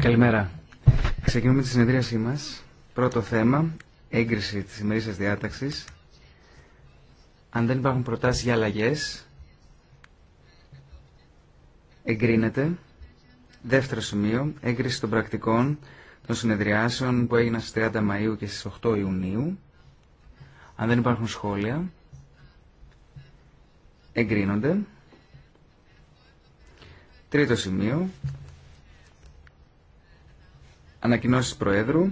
Καλημέρα. Ξεκινούμε τη συνεδρίασή μας. Πρώτο θέμα, έγκριση της σημερινής διάταξης. Αν δεν υπάρχουν προτάσεις για αλλαγέ. εγκρίνεται. Δεύτερο σημείο, έγκριση των πρακτικών των συνεδριάσεων που έγιναν στις 30 Μαΐου και στις 8 Ιουνίου. Αν δεν υπάρχουν σχόλια, εγκρίνονται. Τρίτο σημείο. Ανακοινώσεις Προέδρου.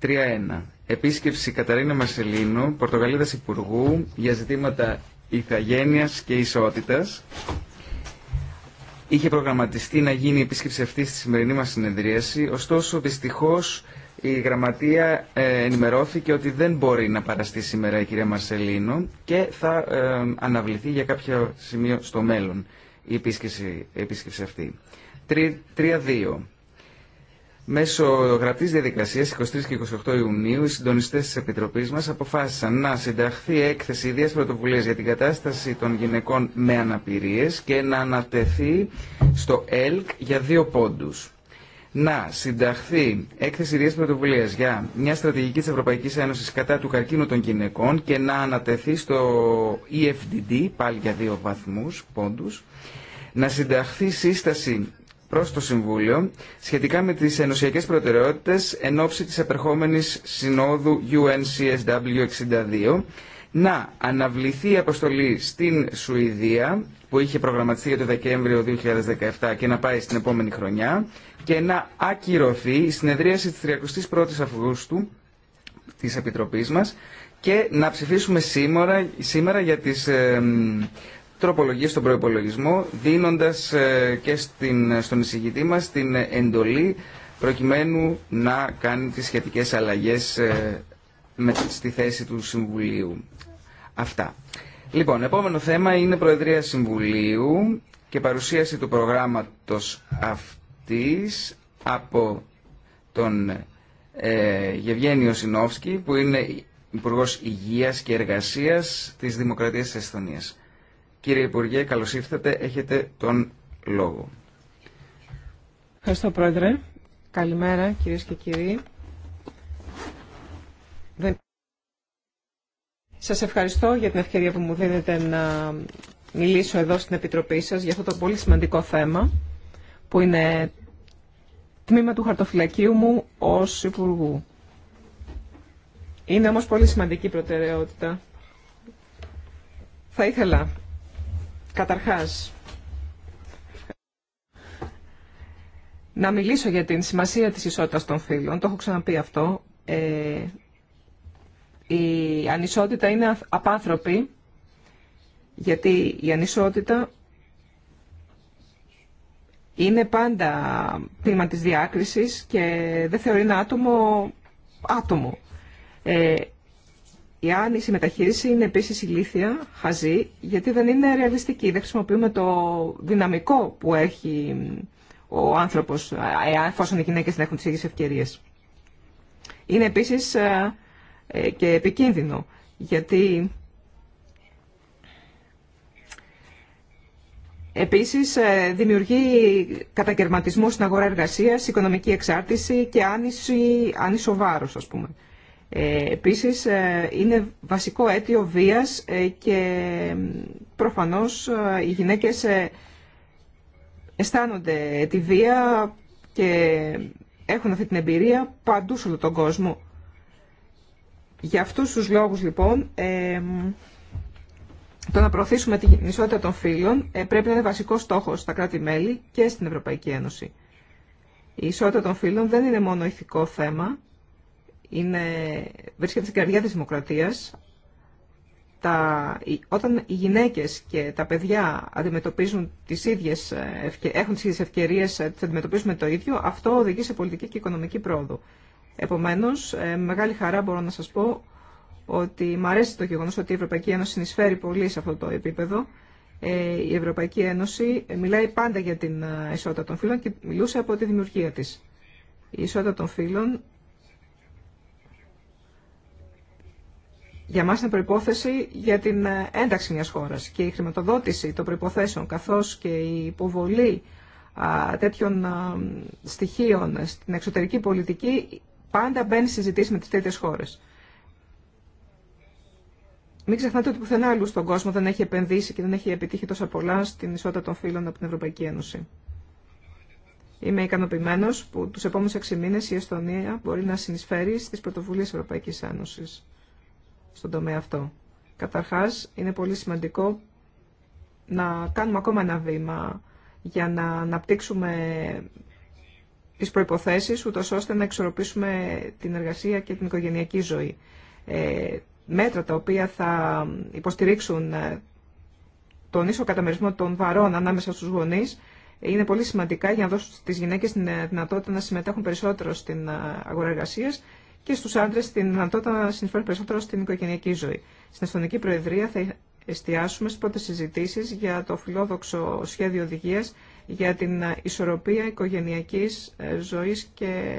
3.1. Επίσκεψη Καταρίνα Μασελίνου, Πορτογαλίδας Υπουργού, για ζητήματα ηθαγένειας και ισότητας. Είχε προγραμματιστεί να γίνει η επίσκεψη αυτή στη σημερινή μας συνεδρίαση, ωστόσο δυστυχώς η Γραμματεία ε, ενημερώθηκε ότι δεν μπορεί να παραστεί σήμερα η κυρία Μαρσελίνο και θα ε, αναβληθεί για κάποιο σημείο στο μέλλον η επίσκεψη, επίσκεψη αυτή. 3-2. Μέσω γραπτής διαδικασίας 23 και 28 Ιουνίου οι συντονιστές της Επιτροπής μας αποφάσισαν να συνταχθεί έκθεση ιδίας πρωτοβουλίας για την κατάσταση των γυναικών με αναπηρίες και να ανατεθεί στο ΕΛΚ για δύο πόντους να συνταχθεί έκθεση ιδιαίτερη πρωτοβουλία για μια στρατηγική τη Ευρωπαϊκή Ένωση κατά του καρκίνου των γυναικών και να ανατεθεί στο EFDD, πάλι για δύο βαθμού πόντου, να συνταχθεί σύσταση προς το Συμβούλιο σχετικά με τις ενωσιακέ προτεραιότητες εν ώψη της επερχόμενης συνόδου UNCSW 62, να αναβληθεί η αποστολή στην Σουηδία που είχε προγραμματιστεί για το Δεκέμβριο 2017 και να πάει στην επόμενη χρονιά και να ακυρωθεί η συνεδρίαση της 31ης Αυγούστου της Επιτροπής μας και να ψηφίσουμε σήμερα, σήμερα για τις ε, τροπολογίες στον προϋπολογισμό δίνοντας ε, και στην, στον εισηγητή μας την εντολή προκειμένου να κάνει τις σχετικές αλλαγές ε, με, στη θέση του Συμβουλίου. Αυτά. Λοιπόν, επόμενο θέμα είναι Προεδρία Συμβουλίου και παρουσίαση του προγράμματος αυτής από τον ε, Γευγένιο Σινόφσκι, που είναι Υπουργός Υγείας και Εργασίας της Δημοκρατίας της Εσθονίας. Κύριε Υπουργέ, καλώς ήρθατε. Έχετε τον λόγο. Ευχαριστώ, Πρόεδρε. Καλημέρα, κυρίες και κύριοι. Σας ευχαριστώ για την ευκαιρία που μου δίνετε να μιλήσω εδώ στην Επιτροπή σας για αυτό το πολύ σημαντικό θέμα που είναι τμήμα του χαρτοφυλακίου μου ως Υπουργού. Είναι όμως πολύ σημαντική προτεραιότητα. Θα ήθελα, καταρχάς, να μιλήσω για την σημασία της ισότητας των φίλων. Το έχω ξαναπεί αυτό. Ε, η ανισότητα είναι απάνθρωπη, γιατί η ανισότητα είναι πάντα πείμα της διάκρισης και δεν θεωρεί ένα άτομο άτομο. Ε, η άνηση μεταχείριση είναι επίσης ηλίθια, χαζή, γιατί δεν είναι ρεαλιστική. Δεν χρησιμοποιούμε το δυναμικό που έχει ο άνθρωπος, ε, εφόσον οι γυναίκες δεν έχουν τις ίδιες ευκαιρίες. Είναι επίσης ε, ε, και επικίνδυνο, γιατί Επίσης, ε, δημιουργεί κατακαιρματισμό στην αγορά εργασίας, οικονομική εξάρτηση και άνηση, άνισο βάρος, ας πούμε. Ε, επίσης, είναι βασικό αίτιο βίας και προφανώς οι γυναίκες αισθάνονται τη βία και έχουν αυτή την εμπειρία παντού σε όλο τον κόσμο. Για αυτούς τους λόγους λοιπόν ε, το να προωθήσουμε την ισότητα των φύλων ε, πρέπει να είναι βασικό στόχος στα κράτη-μέλη και στην Ευρωπαϊκή Ένωση. Η ισότητα των φύλων δεν είναι μόνο ηθικό θέμα, είναι, βρίσκεται στην καρδιά της δημοκρατίας. Τα, όταν οι γυναίκες και τα παιδιά αντιμετωπίζουν τις ίδιες, ε, έχουν τις ίδιες ευκαιρίες, τις αντιμετωπίζουν με το ίδιο, αυτό οδηγεί σε πολιτική και οικονομική πρόοδο. Επομένως, ε, με μεγάλη χαρά μπορώ να σας πω ότι μου αρέσει το γεγονός ότι η Ευρωπαϊκή Ένωση συνεισφέρει πολύ σε αυτό το επίπεδο. Ε, η Ευρωπαϊκή Ένωση μιλάει πάντα για την ε, ισότητα των φύλων και μιλούσε από τη δημιουργία της. Η ισότητα των φύλων για μας είναι προϋπόθεση για την ένταξη μιας χώρας και η χρηματοδότηση των προϋποθέσεων καθώς και η υποβολή τέτοιων στοιχείων στην εξωτερική πολιτική πάντα μπαίνει συζητήσει με τι τρίτε χώρε. Μην ξεχνάτε ότι πουθενά αλλού στον κόσμο δεν έχει επενδύσει και δεν έχει επιτύχει τόσα πολλά στην ισότητα των φύλων από την Ευρωπαϊκή Ένωση. Είμαι ικανοποιημένο που του επόμενου 6 μήνε η Εστονία μπορεί να συνεισφέρει στι πρωτοβουλίε Ευρωπαϊκή Ένωση στον τομέα αυτό. Καταρχά, είναι πολύ σημαντικό να κάνουμε ακόμα ένα βήμα για να αναπτύξουμε τις προϋποθέσεις, ούτως ώστε να εξορροπήσουμε την εργασία και την οικογενειακή ζωή. Ε, μέτρα τα οποία θα υποστηρίξουν ε, τον ίσο καταμερισμό των βαρών ανάμεσα στους γονείς είναι πολύ σημαντικά για να δώσουν στις γυναίκες την ε, δυνατότητα να συμμετέχουν περισσότερο στην ε, αγορά εργασία και στους άντρες την δυνατότητα να συνεισφέρουν περισσότερο στην οικογενειακή ζωή. Στην Αστωνική Προεδρία θα εστιάσουμε στις πρώτες συζητήσεις για το φιλόδοξο σχέδιο οδηγίας για την ισορροπία οικογενειακής ε, ζωής και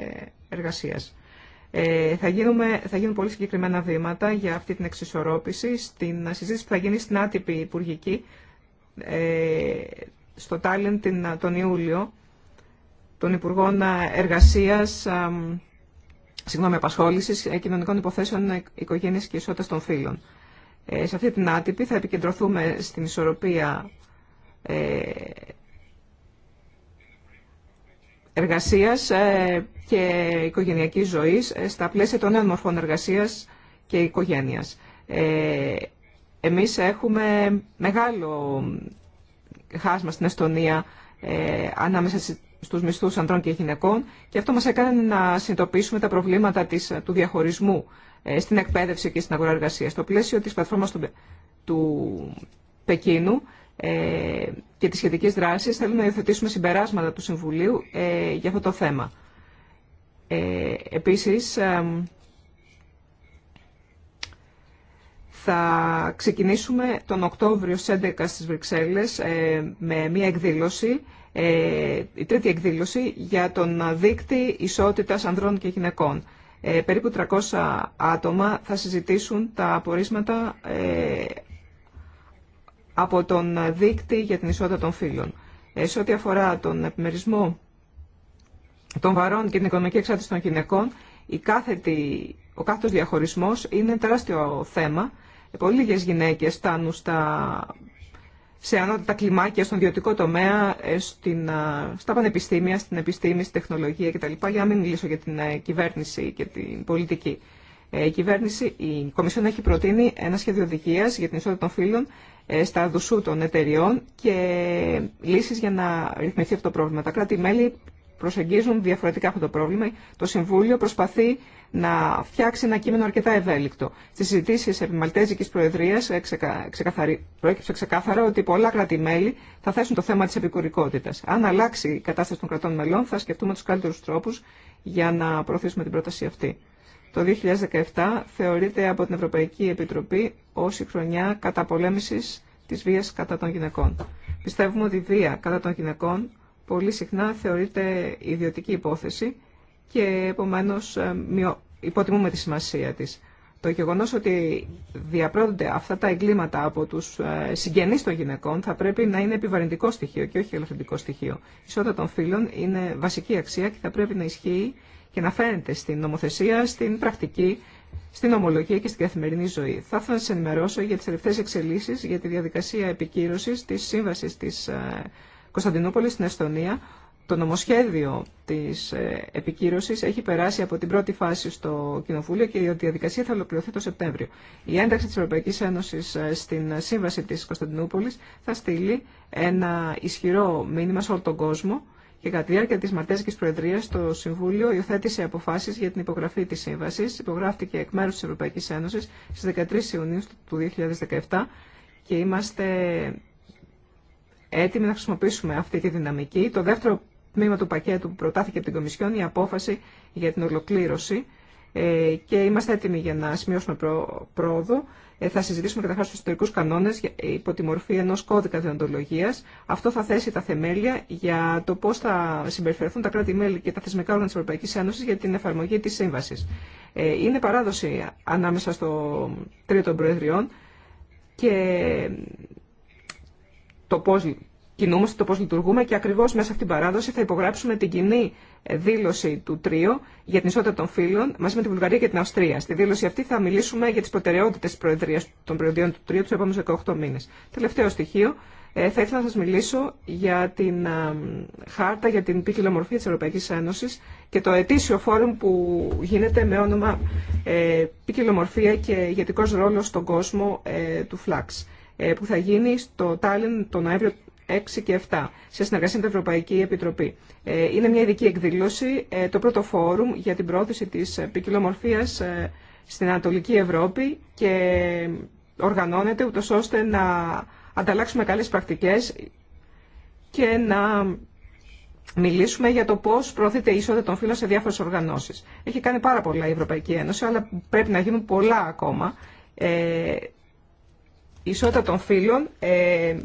εργασίας. Ε, θα, γίνουμε, θα γίνουν πολύ συγκεκριμένα βήματα για αυτή την εξισορρόπηση στην ε, συζήτηση που θα γίνει στην άτυπη υπουργική ε, στο Τάλιν ε, τον Ιούλιο των Υπουργών Εργασίας, ε, συγγνώμη, Απασχόλησης, Κοινωνικών Υποθέσεων, Οικογένειας και Ισότητας των Φύλων. Ε, σε αυτή την άτυπη θα επικεντρωθούμε στην ισορροπία ε, εργασίας ε, και οικογενειακής ζωής ε, στα πλαίσια των νέων μορφών εργασίας και οικογένειας. Ε, εμείς έχουμε μεγάλο χάσμα στην Εστονία ανάμεσα στους μισθούς ανδρών και γυναικών και αυτό μας έκανε να συνειδητοποιήσουμε τα προβλήματα της, του διαχωρισμού στην εκπαίδευση και στην αγορά εργασίας. Στο πλαίσιο της πλατφόρμας του, του Πεκίνου ε, και τις σχετικές δράσεις θέλουμε να υιοθετήσουμε συμπεράσματα του Συμβουλίου ε, για αυτό το θέμα. Ε, επίσης, θα ξεκινήσουμε τον Οκτώβριο στις 11 στις Βρυξέλλες με μια εκδήλωση, η τρίτη εκδήλωση για τον δίκτυ ισότητας ανδρών και γυναικών. περίπου 300 άτομα θα συζητήσουν τα απορίσματα από τον δίκτυ για την ισότητα των φύλων. Ε, σε ό,τι αφορά τον επιμερισμό των βαρών και την οικονομική εξάρτηση των γυναικών, η κάθετη, ο κάθετος διαχωρισμός είναι τεράστιο θέμα. Ε, πολύ λίγες γυναίκες φτάνουν στα, σε ανώτατα κλιμάκια, στον ιδιωτικό τομέα, ε, στην, στα πανεπιστήμια, στην επιστήμη, στην τεχνολογία κτλ. Για να μην μιλήσω για την κυβέρνηση και την πολιτική. Η κυβέρνηση, η Κομισιόν έχει προτείνει ένα σχέδιο οδηγία για την ισότητα των φύλων ε, στα δουσού των εταιριών και λύσεις για να ρυθμιστεί αυτό το πρόβλημα. Τα κράτη-μέλη προσεγγίζουν διαφορετικά αυτό το πρόβλημα. Το Συμβούλιο προσπαθεί να φτιάξει ένα κείμενο αρκετά ευέλικτο. Στι συζητήσει επί Μαλτέζικη Προεδρία ε, προέκυψε ξεκάθαρα ότι πολλά κράτη-μέλη θα θέσουν το θέμα τη επικουρικότητα. Αν αλλάξει η κατάσταση των κρατών μελών, θα σκεφτούμε του καλύτερου τρόπου για να προωθήσουμε την πρόταση αυτή. Το 2017 θεωρείται από την Ευρωπαϊκή Επιτροπή ως η χρονιά καταπολέμησης της βίας κατά των γυναικών. Πιστεύουμε ότι η βία κατά των γυναικών πολύ συχνά θεωρείται ιδιωτική υπόθεση και επομένως ε, υποτιμούμε τη σημασία της. Το γεγονός ότι διαπρόνται αυτά τα εγκλήματα από τους ε, συγγενείς των γυναικών θα πρέπει να είναι επιβαρυντικό στοιχείο και όχι ελευθερικό στοιχείο. Η ισότητα των φύλων είναι βασική αξία και θα πρέπει να ισχύει και να φαίνεται στην νομοθεσία, στην πρακτική, στην ομολογία και στην καθημερινή ζωή. Θα ήθελα να σα ενημερώσω για τι τελευταίε εξελίξει για τη διαδικασία επικύρωση τη σύμβαση τη ε, Κωνσταντινούπολη στην Εστονία. Το νομοσχέδιο τη ε, επικύρωση έχει περάσει από την πρώτη φάση στο Κοινοβούλιο και η διαδικασία θα ολοκληρωθεί το Σεπτέμβριο. Η ένταξη τη Ευρωπαϊκή Ένωση ε, στην σύμβαση τη Κωνσταντινούπολη θα στείλει ένα ισχυρό μήνυμα σε όλο τον κόσμο και κατά τη διάρκεια τη Μαλτέζικη Προεδρία, το Συμβούλιο υιοθέτησε αποφάσει για την υπογραφή τη σύμβαση. Υπογράφτηκε εκ μέρου τη Ευρωπαϊκή Ένωση στι 13 Ιουνίου του 2017 και είμαστε έτοιμοι να χρησιμοποιήσουμε αυτή τη δυναμική. Το δεύτερο τμήμα του πακέτου που προτάθηκε από την Κομισιόν, η απόφαση για την ολοκλήρωση ε, και είμαστε έτοιμοι για να σημειώσουμε πρόοδο. Ε, θα συζητήσουμε καταρχά του ιστορικού κανόνε υπό τη μορφή ενό κώδικα διοντολογία. Αυτό θα θέσει τα θεμέλια για το πώ θα συμπεριφερθούν τα κράτη-μέλη και τα θεσμικά όργανα τη Ευρωπαϊκή Ένωση για την εφαρμογή τη σύμβαση. Ε, είναι παράδοση ανάμεσα στο Τρίτο των Προεδριών και το πώ κινούμαστε, το πώ λειτουργούμε και ακριβώ μέσα αυτή την παράδοση θα υπογράψουμε την κοινή δήλωση του τρίου για την ισότητα των φύλων μαζί με τη Βουλγαρία και την Αυστρία. Στη δήλωση αυτή θα μιλήσουμε για τι προτεραιότητε των προεδρίων του τρίου του επόμενου 18 μήνε. Τελευταίο στοιχείο. Ε, θα ήθελα να σα μιλήσω για την ε, χάρτα, για την ποικιλομορφία τη Ευρωπαϊκή Ένωση και το ετήσιο φόρουμ που γίνεται με όνομα ε, ποικιλομορφία και ηγετικό ρόλο στον κόσμο του ε, που θα γίνει στο Τάλιν τον Νοέμβριο 6 και 7, σε συνεργασία με την Ευρωπαϊκή Επιτροπή. Ε, είναι μια ειδική εκδήλωση, ε, το πρώτο φόρουμ για την πρόθεση της ποικιλομορφία ε, στην Ανατολική Ευρώπη και οργανώνεται ούτως ώστε να ανταλλάξουμε καλές πρακτικές και να μιλήσουμε για το πώ προωθείται η ισότητα των φύλων σε διάφορε οργανώσει. Έχει κάνει πάρα πολλά η Ευρωπαϊκή Ένωση, αλλά πρέπει να γίνουν πολλά ακόμα. Ε, η ισότητα των φύλων ε,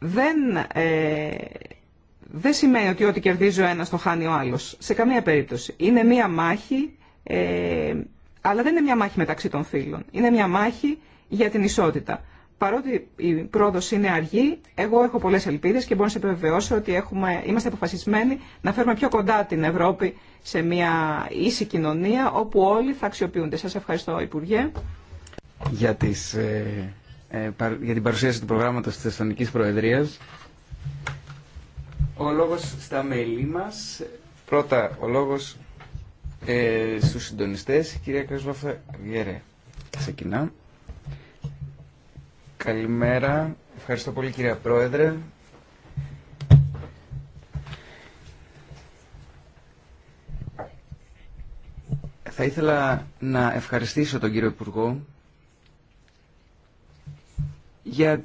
δεν, ε, δεν σημαίνει ότι ό,τι κερδίζει ο ένας το χάνει ο άλλος. Σε καμία περίπτωση. Είναι μία μάχη, ε, αλλά δεν είναι μία μάχη μεταξύ των φίλων. Είναι μία μάχη για την ισότητα. Παρότι η πρόοδος είναι αργή, εγώ έχω πολλές ελπίδες και μπορώ να σε επιβεβαιώσω ότι έχουμε, είμαστε αποφασισμένοι να φέρουμε πιο κοντά την Ευρώπη σε μια ίση κοινωνία όπου όλοι θα αξιοποιούνται. Σας ευχαριστώ Υπουργέ. Για τις ε, ε, για την παρουσίαση του προγράμματος της Θεσσαλονικής Προεδρίας. Ο λόγος στα μέλη μας. Πρώτα ο λόγος ε, στους συντονιστές. Η κυρία Κασβάφα Βιέρε. Ξεκινά. Καλημέρα. Ευχαριστώ πολύ κυρία Πρόεδρε. Θα ήθελα να ευχαριστήσω τον κύριο Υπουργό για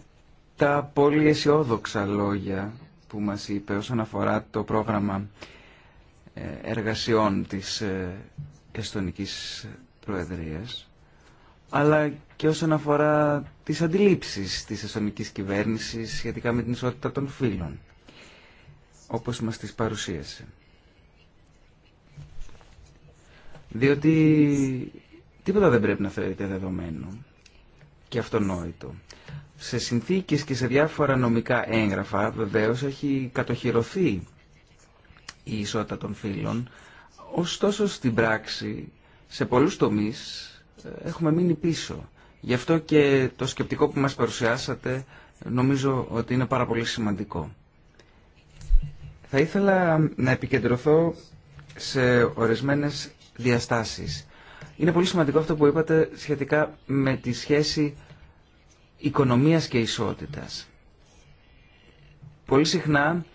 τα πολύ αισιόδοξα λόγια που μας είπε όσον αφορά το πρόγραμμα ε, εργασιών της ε, Εστονικής Προεδρίας αλλά και όσον αφορά τις αντιλήψεις της εστονικής κυβέρνησης σχετικά με την ισότητα των φίλων, όπως μας τις παρουσίασε. Διότι τίποτα δεν πρέπει να θεωρείται δεδομένο και αυτονόητο σε συνθήκες και σε διάφορα νομικά έγγραφα βεβαίως έχει κατοχυρωθεί η ισότητα των φύλων, ωστόσο στην πράξη σε πολλούς τομείς ε, έχουμε μείνει πίσω. Γι' αυτό και το σκεπτικό που μας παρουσιάσατε νομίζω ότι είναι πάρα πολύ σημαντικό. Θα ήθελα να επικεντρωθώ σε ορισμένες διαστάσεις. Είναι πολύ σημαντικό αυτό που είπατε σχετικά με τη σχέση οικονομίας και ισότητας. Πολύ συχνά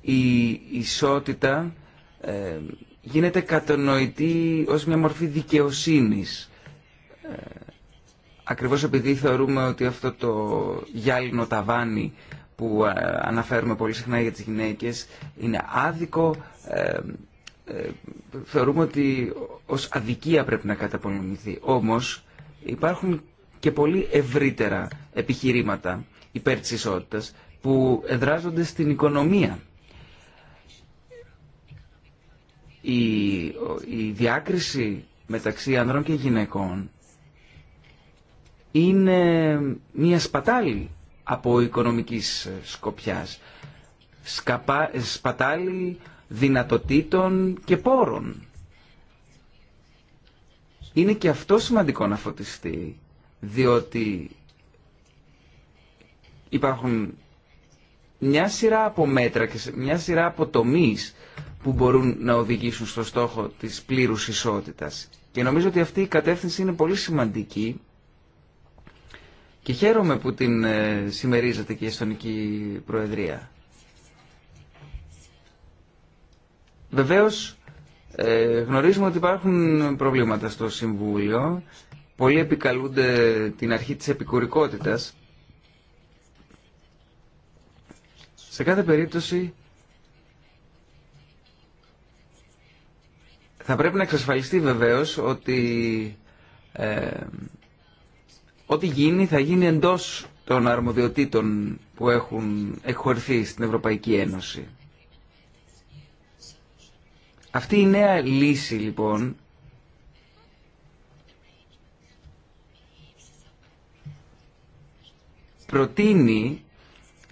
η ισότητα ε, γίνεται κατανοητή ως μια μορφή δικαιοσύνης. Ε, ακριβώς επειδή θεωρούμε ότι αυτό το γυάλινο ταβάνι που ε, αναφέρουμε πολύ συχνά για τις γυναίκες είναι άδικο, ε, θεωρούμε ότι ως αδικία πρέπει να καταπολεμηθεί. Όμως υπάρχουν και πολύ ευρύτερα επιχειρήματα υπέρ της ισότητας που εδράζονται στην οικονομία. Η, διάκριση μεταξύ ανδρών και γυναικών είναι μια σπατάλη από οικονομικής σκοπιάς. Σκαπα, σπατάλη δυνατοτήτων και πόρων. Είναι και αυτό σημαντικό να φωτιστεί, διότι υπάρχουν μια σειρά από μέτρα και μια σειρά από τομείς που μπορούν να οδηγήσουν στο στόχο της πλήρους ισότητας. Και νομίζω ότι αυτή η κατεύθυνση είναι πολύ σημαντική και χαίρομαι που την ε, συμμερίζεται και η Εστονική Προεδρία. Βεβαίως ε, γνωρίζουμε ότι υπάρχουν προβλήματα στο Συμβούλιο. Πολλοί επικαλούνται την αρχή της επικουρικότητας Σε κάθε περίπτωση θα πρέπει να εξασφαλιστεί βεβαίως ότι ε, ό,τι γίνει θα γίνει εντός των αρμοδιοτήτων που έχουν εκχωρηθεί στην Ευρωπαϊκή Ένωση. Αυτή η νέα λύση λοιπόν προτείνει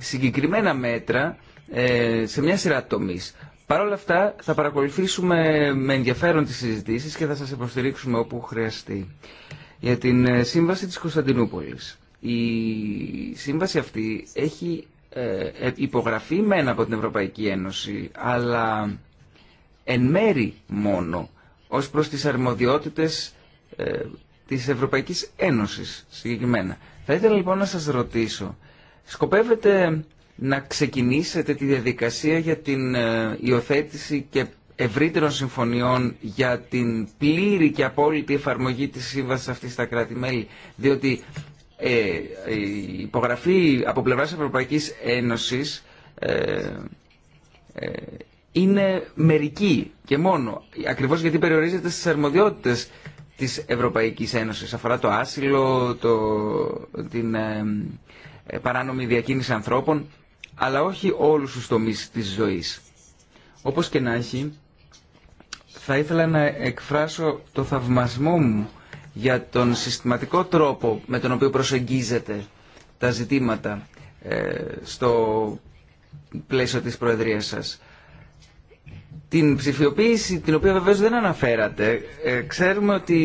συγκεκριμένα μέτρα ε, σε μια σειρά τομεί. Παρ' όλα αυτά θα παρακολουθήσουμε με ενδιαφέρον τις συζητήσεις και θα σας υποστηρίξουμε όπου χρειαστεί. Για την ε, Σύμβαση της Κωνσταντινούπολης. Η σύμβαση αυτή έχει ε, υπογραφεί μένα από την Ευρωπαϊκή Ένωση, αλλά εν μέρη μόνο ως προς τις αρμοδιότητες της Ευρωπαϊκής Ένωσης συγκεκριμένα. Θα ήθελα λοιπόν να σας ρωτήσω σκοπεύετε να ξεκινήσετε τη διαδικασία για την ε, υιοθέτηση και ευρύτερων συμφωνιών για την πλήρη και απόλυτη εφαρμογή της σύμβασης αυτής στα κράτη-μέλη. Διότι ε, η υπογραφή από πλευράς Ευρωπαϊκής Ένωσης ε, είναι μερική και μόνο. Ακριβώς γιατί περιορίζεται στις αρμοδιότητες της Ευρωπαϊκής Ένωσης. Αφορά το άσυλο, την ε, παράνομη διακίνηση ανθρώπων, αλλά όχι όλους τους τομείς της ζωής. Όπως και να έχει, θα ήθελα να εκφράσω το θαυμασμό μου για τον συστηματικό τρόπο με τον οποίο προσεγγίζεται τα ζητήματα ε, στο πλαίσιο της Προεδρίας σας την ψηφιοποίηση, την οποία βεβαίως δεν αναφέρατε, ε, ξέρουμε ότι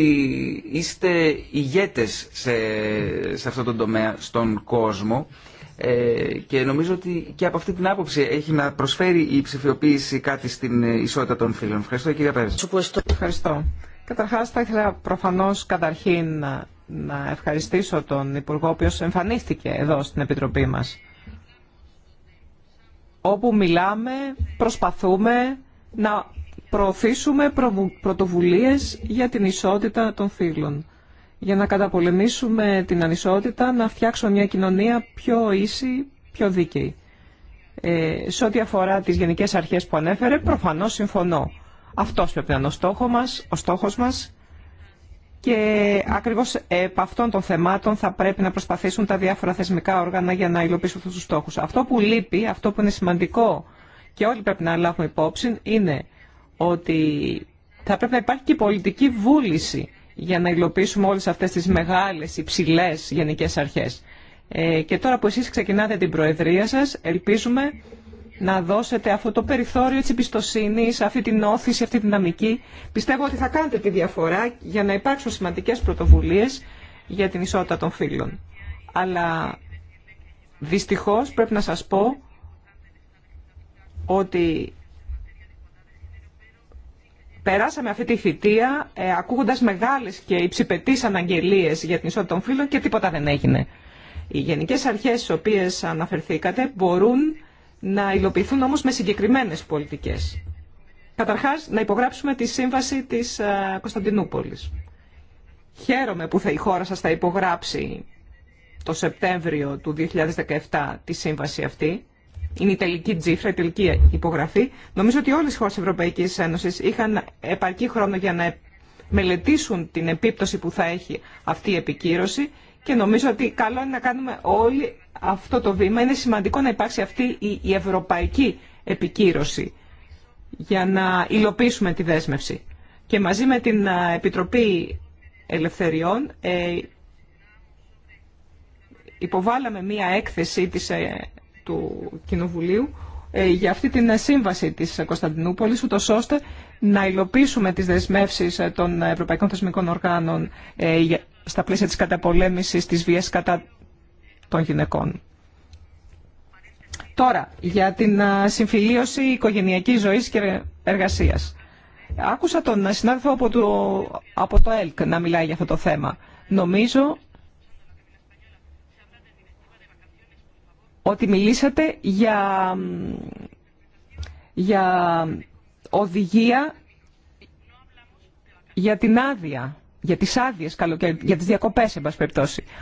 είστε ηγέτες σε, σε αυτό τον τομέα στον κόσμο ε, και νομίζω ότι και από αυτή την άποψη έχει να προσφέρει η ψηφιοποίηση κάτι στην ισότητα των φίλων. Ευχαριστώ κύριε Πέρας. Ευχαριστώ. Καταρχάς θα ήθελα προφανώς καταρχήν να ευχαριστήσω τον Υπουργό, ο εμφανίστηκε εδώ στην Επιτροπή μας. Όπου μιλάμε, προσπαθούμε να προωθήσουμε πρωτοβουλίες για την ισότητα των φύλων. Για να καταπολεμήσουμε την ανισότητα, να φτιάξουμε μια κοινωνία πιο ίση, πιο δίκαιη. Ε, σε ό,τι αφορά τις γενικές αρχές που ανέφερε, προφανώς συμφωνώ. Αυτός πρέπει να είναι ο, στόχος μας, ο στόχος μας και ακριβώς επ' αυτών των θεμάτων θα πρέπει να προσπαθήσουν τα διάφορα θεσμικά όργανα για να υλοποιήσουν αυτούς τους στόχους. Αυτό που λείπει, αυτό που είναι σημαντικό και όλοι πρέπει να λάβουμε υπόψη είναι ότι θα πρέπει να υπάρχει και πολιτική βούληση για να υλοποιήσουμε όλες αυτές τις μεγάλες, υψηλέ γενικές αρχές. Ε, και τώρα που εσείς ξεκινάτε την Προεδρία σας, ελπίζουμε να δώσετε αυτό το περιθώριο της εμπιστοσύνη, αυτή την όθηση, αυτή τη δυναμική. Πιστεύω ότι θα κάνετε τη διαφορά για να υπάρξουν σημαντικές πρωτοβουλίες για την ισότητα των φύλων. Αλλά δυστυχώς πρέπει να σας πω ότι περάσαμε αυτή τη θητεία ε, ακούγοντας μεγάλες και υψηπετείς αναγγελίες για την ισότητα των φύλων και τίποτα δεν έγινε. Οι γενικές αρχές στις οποίες αναφερθήκατε μπορούν να υλοποιηθούν όμως με συγκεκριμένες πολιτικές. Καταρχάς, να υπογράψουμε τη σύμβαση της ε, Κωνσταντινούπολης. Χαίρομαι που θα η χώρα σας θα υπογράψει το Σεπτέμβριο του 2017 τη σύμβαση αυτή είναι η τελική τζίφρα, η τελική υπογραφή. Νομίζω ότι όλες οι χώρες της Ευρωπαϊκής Ένωσης είχαν επαρκή χρόνο για να μελετήσουν την επίπτωση που θα έχει αυτή η επικύρωση και νομίζω ότι καλό είναι να κάνουμε όλοι αυτό το βήμα. Είναι σημαντικό να υπάρξει αυτή η ευρωπαϊκή επικύρωση για να υλοποιήσουμε τη δέσμευση. Και μαζί με την Επιτροπή Ελευθεριών ε, υποβάλαμε μία έκθεση της ε, του Κοινοβουλίου ε, για αυτή την σύμβαση της Κωνσταντινούπολη, ούτως ώστε να υλοποιήσουμε τις δεσμεύσει ε, των Ευρωπαϊκών Θεσμικών Οργάνων ε, στα πλαίσια της καταπολέμησης της βίας κατά των γυναικών. Τώρα, για την συμφιλίωση οικογενειακής ζωής και εργασίας. Άκουσα τον συνάδελφο από το, από το ΕΛΚ να μιλάει για αυτό το θέμα. Νομίζω ότι μιλήσατε για, για οδηγία για την άδεια, για τις άδειες καλοκαίρι, για τις διακοπές, εν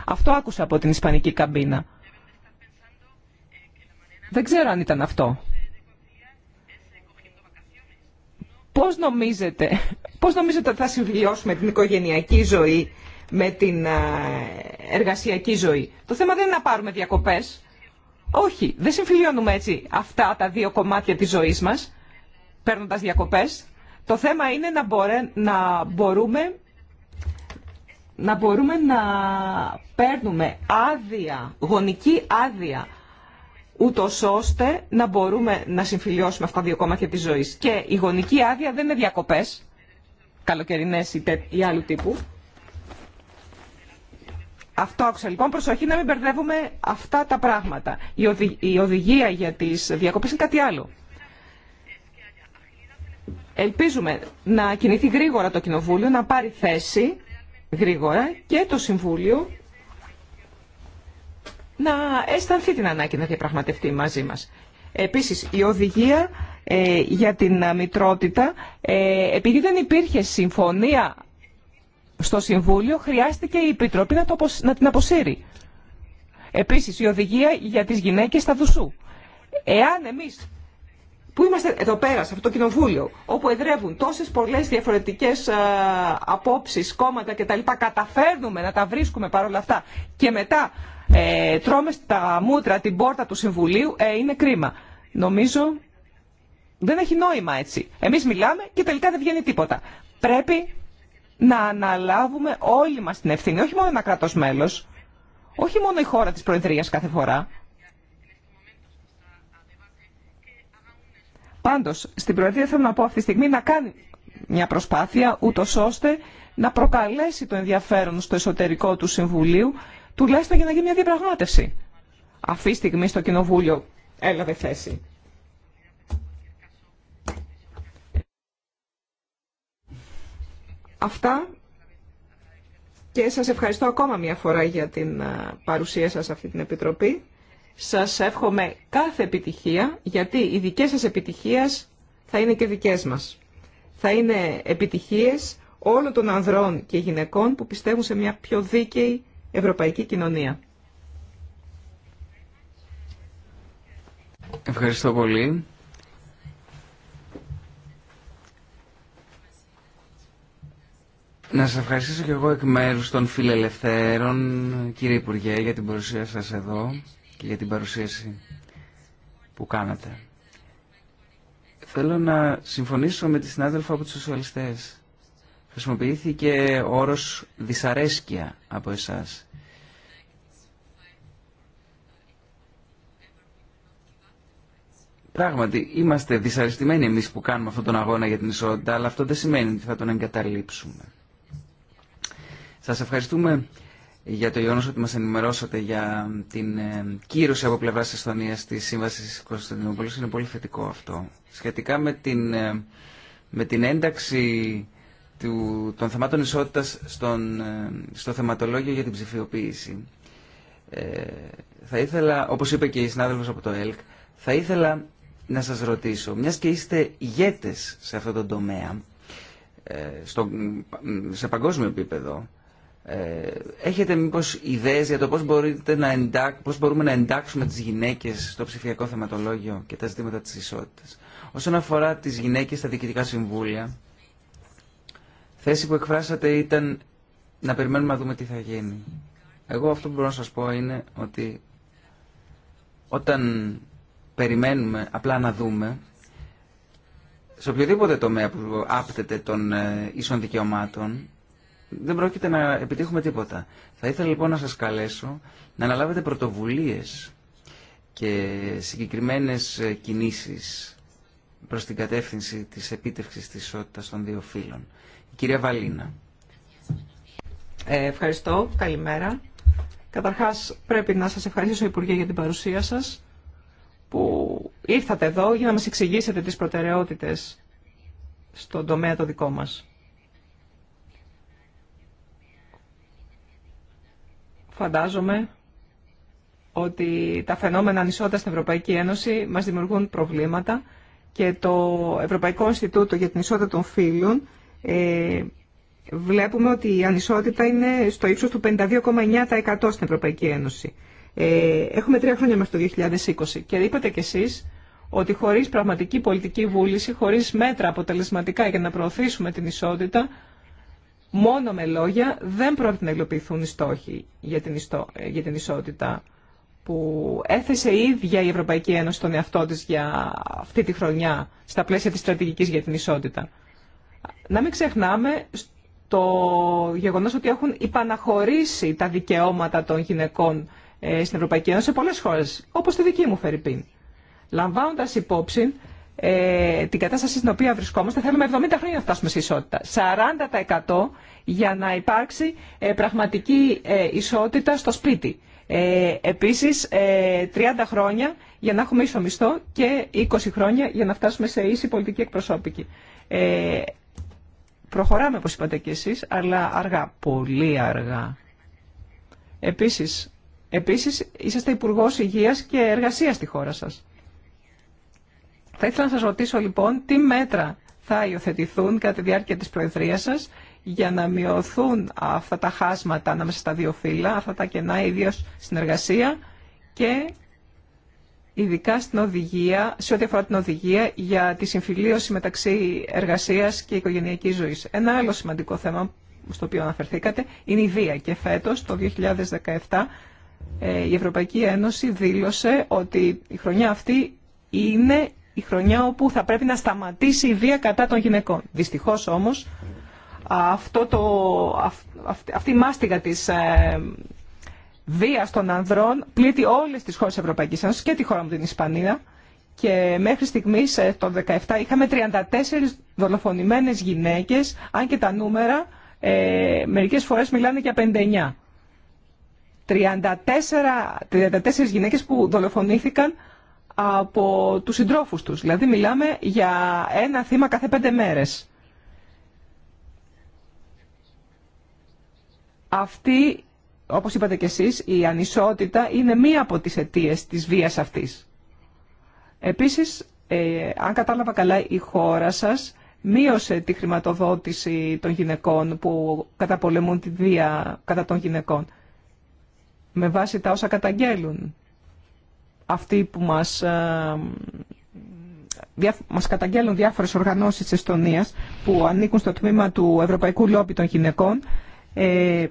Αυτό άκουσα από την Ισπανική καμπίνα. Δεν ξέρω αν ήταν αυτό. Πώς νομίζετε, πώς νομίζετε ότι θα συμβιώσουμε την οικογενειακή ζωή με την ε, εργασιακή ζωή. Το θέμα δεν είναι να πάρουμε διακοπές. Όχι, δεν συμφιλιώνουμε έτσι αυτά τα δύο κομμάτια της ζωής μας, παίρνοντας διακοπές. Το θέμα είναι να, μπορέ, να μπορούμε να μπορούμε να παίρνουμε άδεια, γονική άδεια, ούτω ώστε να μπορούμε να συμφιλιώσουμε αυτά τα δύο κομμάτια της ζωής. Και η γονική άδεια δεν είναι διακοπές, καλοκαιρινές ή άλλου τύπου, αυτό άκουσα λοιπόν. Προσοχή να μην μπερδεύουμε αυτά τα πράγματα. Η, οδηγία για τι διακοπέ είναι κάτι άλλο. Ελπίζουμε να κινηθεί γρήγορα το Κοινοβούλιο, να πάρει θέση γρήγορα και το Συμβούλιο να αισθανθεί την ανάγκη να διαπραγματευτεί μαζί μας. Επίσης, η οδηγία ε, για την μητρότητα, ε, επειδή δεν υπήρχε συμφωνία στο Συμβούλιο χρειάστηκε η Επιτροπή να, το, να την αποσύρει. Επίσης, η οδηγία για τις γυναίκες στα Δουσού. Εάν εμείς που είμαστε εδώ πέρα, σε αυτό το κοινοβούλιο, όπου εδρεύουν τόσε πολλέ διαφορετικέ ε, απόψεις, κόμματα κτλ. Καταφέρνουμε να τα βρίσκουμε παρόλα αυτά και μετά ε, τρώμε στα μούτρα την πόρτα του Συμβουλίου, ε, είναι κρίμα. Νομίζω δεν έχει νόημα έτσι. Εμείς μιλάμε και τελικά δεν βγαίνει τίποτα. Πρέπει να αναλάβουμε όλοι μας την ευθύνη, όχι μόνο ένα κράτος μέλος, όχι μόνο η χώρα της Προεδρίας κάθε φορά. Πάντως, στην Προεδρία θέλω να πω αυτή τη στιγμή να κάνει μια προσπάθεια, ούτω ώστε να προκαλέσει το ενδιαφέρον στο εσωτερικό του Συμβουλίου, τουλάχιστον για να γίνει μια διαπραγμάτευση. Αυτή τη στιγμή στο Κοινοβούλιο έλαβε θέση. Αυτά και σας ευχαριστώ ακόμα μια φορά για την ε, παρουσία σας σε αυτή την Επιτροπή. Σας εύχομαι κάθε επιτυχία, γιατί οι δικές σας επιτυχίες θα είναι και δικές μας. Θα είναι επιτυχίες όλων των ανδρών και γυναικών που πιστεύουν σε μια πιο δίκαιη ευρωπαϊκή κοινωνία. Ευχαριστώ πολύ. Να σας ευχαριστήσω και εγώ εκ μέρους των φιλελευθέρων, κύριε Υπουργέ, για την παρουσία σας εδώ και για την παρουσίαση που κάνατε. Θέλω να συμφωνήσω με τη συνάδελφα από τους σοσιαλιστές. Χρησιμοποιήθηκε όρος δυσαρέσκεια από εσάς. Πράγματι, είμαστε δυσαρεστημένοι εμείς που κάνουμε αυτόν τον αγώνα για την ισότητα, αλλά αυτό δεν σημαίνει ότι θα τον εγκαταλείψουμε. Σας ευχαριστούμε για το γεγονό ότι μας ενημερώσατε για την ε, κύρωση από πλευρά της Εστονίας της Σύμβασης Κωνσταντινούπολης. Είναι πολύ θετικό αυτό. Σχετικά με την, ε, με την ένταξη του, των θεμάτων ισότητας ε, στο θεματολόγιο για την ψηφιοποίηση. Ε, θα ήθελα, όπως είπε και η συνάδελφος από το ΕΛΚ, θα ήθελα να σας ρωτήσω, μιας και είστε ηγέτες σε αυτό το τομέα, σε παγκόσμιο επίπεδο, ε, έχετε μήπως ιδέες για το πώς, να μπορούμε να εντάξουμε τις γυναίκες στο ψηφιακό θεματολόγιο και τα ζητήματα της ισότητας. Όσον αφορά τις γυναίκες στα διοικητικά συμβούλια, θέση που εκφράσατε ήταν να περιμένουμε να δούμε τι θα γίνει. Εγώ αυτό που μπορώ να σας πω είναι ότι όταν περιμένουμε απλά να δούμε, σε οποιοδήποτε τομέα που άπτεται των ε, ίσων δικαιωμάτων, δεν πρόκειται να επιτύχουμε τίποτα. Θα ήθελα λοιπόν να σας καλέσω να αναλάβετε πρωτοβουλίες και συγκεκριμένες ε, κινήσεις προς την κατεύθυνση της επίτευξης της ισότητας των δύο φίλων. Η κυρία Βαλίνα. Ε, ευχαριστώ. Καλημέρα. Καταρχάς πρέπει να σας ευχαριστήσω Υπουργέ για την παρουσία σας που ήρθατε εδώ για να μας εξηγήσετε τις προτεραιότητες στον τομέα το δικό μας. φαντάζομαι ότι τα φαινόμενα ανισότητα στην Ευρωπαϊκή Ένωση μας δημιουργούν προβλήματα και το Ευρωπαϊκό Ινστιτούτο για την Ισότητα των Φύλων ε, βλέπουμε ότι η ανισότητα είναι στο ύψος του 52,9% στην Ευρωπαϊκή Ένωση. Ε, έχουμε τρία χρόνια μέχρι το 2020 και είπατε κι εσείς ότι χωρίς πραγματική πολιτική βούληση, χωρίς μέτρα αποτελεσματικά για να προωθήσουμε την ισότητα, μόνο με λόγια δεν πρόκειται να υλοποιηθούν οι στόχοι για την, για την ισότητα που έθεσε η ίδια η Ευρωπαϊκή Ένωση τον εαυτό της για αυτή τη χρονιά στα πλαίσια της στρατηγικής για την ισότητα. Να μην ξεχνάμε το γεγονός ότι έχουν υπαναχωρήσει τα δικαιώματα των γυναικών ε, στην Ευρωπαϊκή Ένωση σε πολλές χώρες, όπως τη δική μου Φερρυπίν. Λαμβάνοντας υπόψη ε, την κατάσταση στην οποία βρισκόμαστε, θέλουμε 70 χρόνια να φτάσουμε σε ισότητα. 40% για να υπάρξει ε, πραγματική ε, ισότητα στο σπίτι. Ε, επίσης, 30 ε, χρόνια για να έχουμε ίσο μισθό και 20 χρόνια για να φτάσουμε σε ίση πολιτική εκπροσώπηση. Ε, προχωράμε, όπως είπατε και εσείς, αλλά αργά, πολύ αργά. Επίσης, επίσης είσαστε υπουργό Υγείας και Εργασίας στη χώρα σας. Θα ήθελα να σας ρωτήσω λοιπόν τι μέτρα θα υιοθετηθούν κατά τη διάρκεια της Προεδρίας σας για να μειωθούν αυτά τα χάσματα ανάμεσα στα δύο φύλλα, αυτά τα κενά ιδίω στην εργασία και ειδικά στην οδηγία, σε ό,τι αφορά την οδηγία για τη συμφιλίωση μεταξύ εργασίας και οικογενειακής ζωής. Ένα άλλο σημαντικό θέμα στο οποίο αναφερθήκατε είναι η βία και φέτος το 2017 ε, η Ευρωπαϊκή Ένωση δήλωσε ότι η χρονιά αυτή είναι η χρονιά όπου θα πρέπει να σταματήσει η βία κατά των γυναικών. Δυστυχώς όμως αυτό το, αυτή η μάστιγα της ε, βίας των ανδρών πλήττει όλες τις χώρες της Ευρωπαϊκής Ένωσης και τη χώρα μου την Ισπανία και μέχρι στιγμής ε, το 2017 είχαμε 34 δολοφονημένες γυναίκες, αν και τα νούμερα ε, μερικές φορές μιλάνε για 59. 34, 34 γυναίκες που δολοφονήθηκαν από τους συντρόφους τους. Δηλαδή μιλάμε για ένα θύμα κάθε πέντε μέρες. Αυτή, όπως είπατε κι εσείς, η ανισότητα είναι μία από τις αιτίες της βίας αυτής. Επίσης, ε, αν κατάλαβα καλά, η χώρα σας μείωσε τη χρηματοδότηση των γυναικών που καταπολεμούν τη βία κατά των γυναικών με βάση τα όσα καταγγέλουν αυτοί που μας, ε, μας καταγγέλνουν διάφορες οργανώσεις της Εστονίας που ανήκουν στο τμήμα του Ευρωπαϊκού Λόμπι των Γυναικών ε,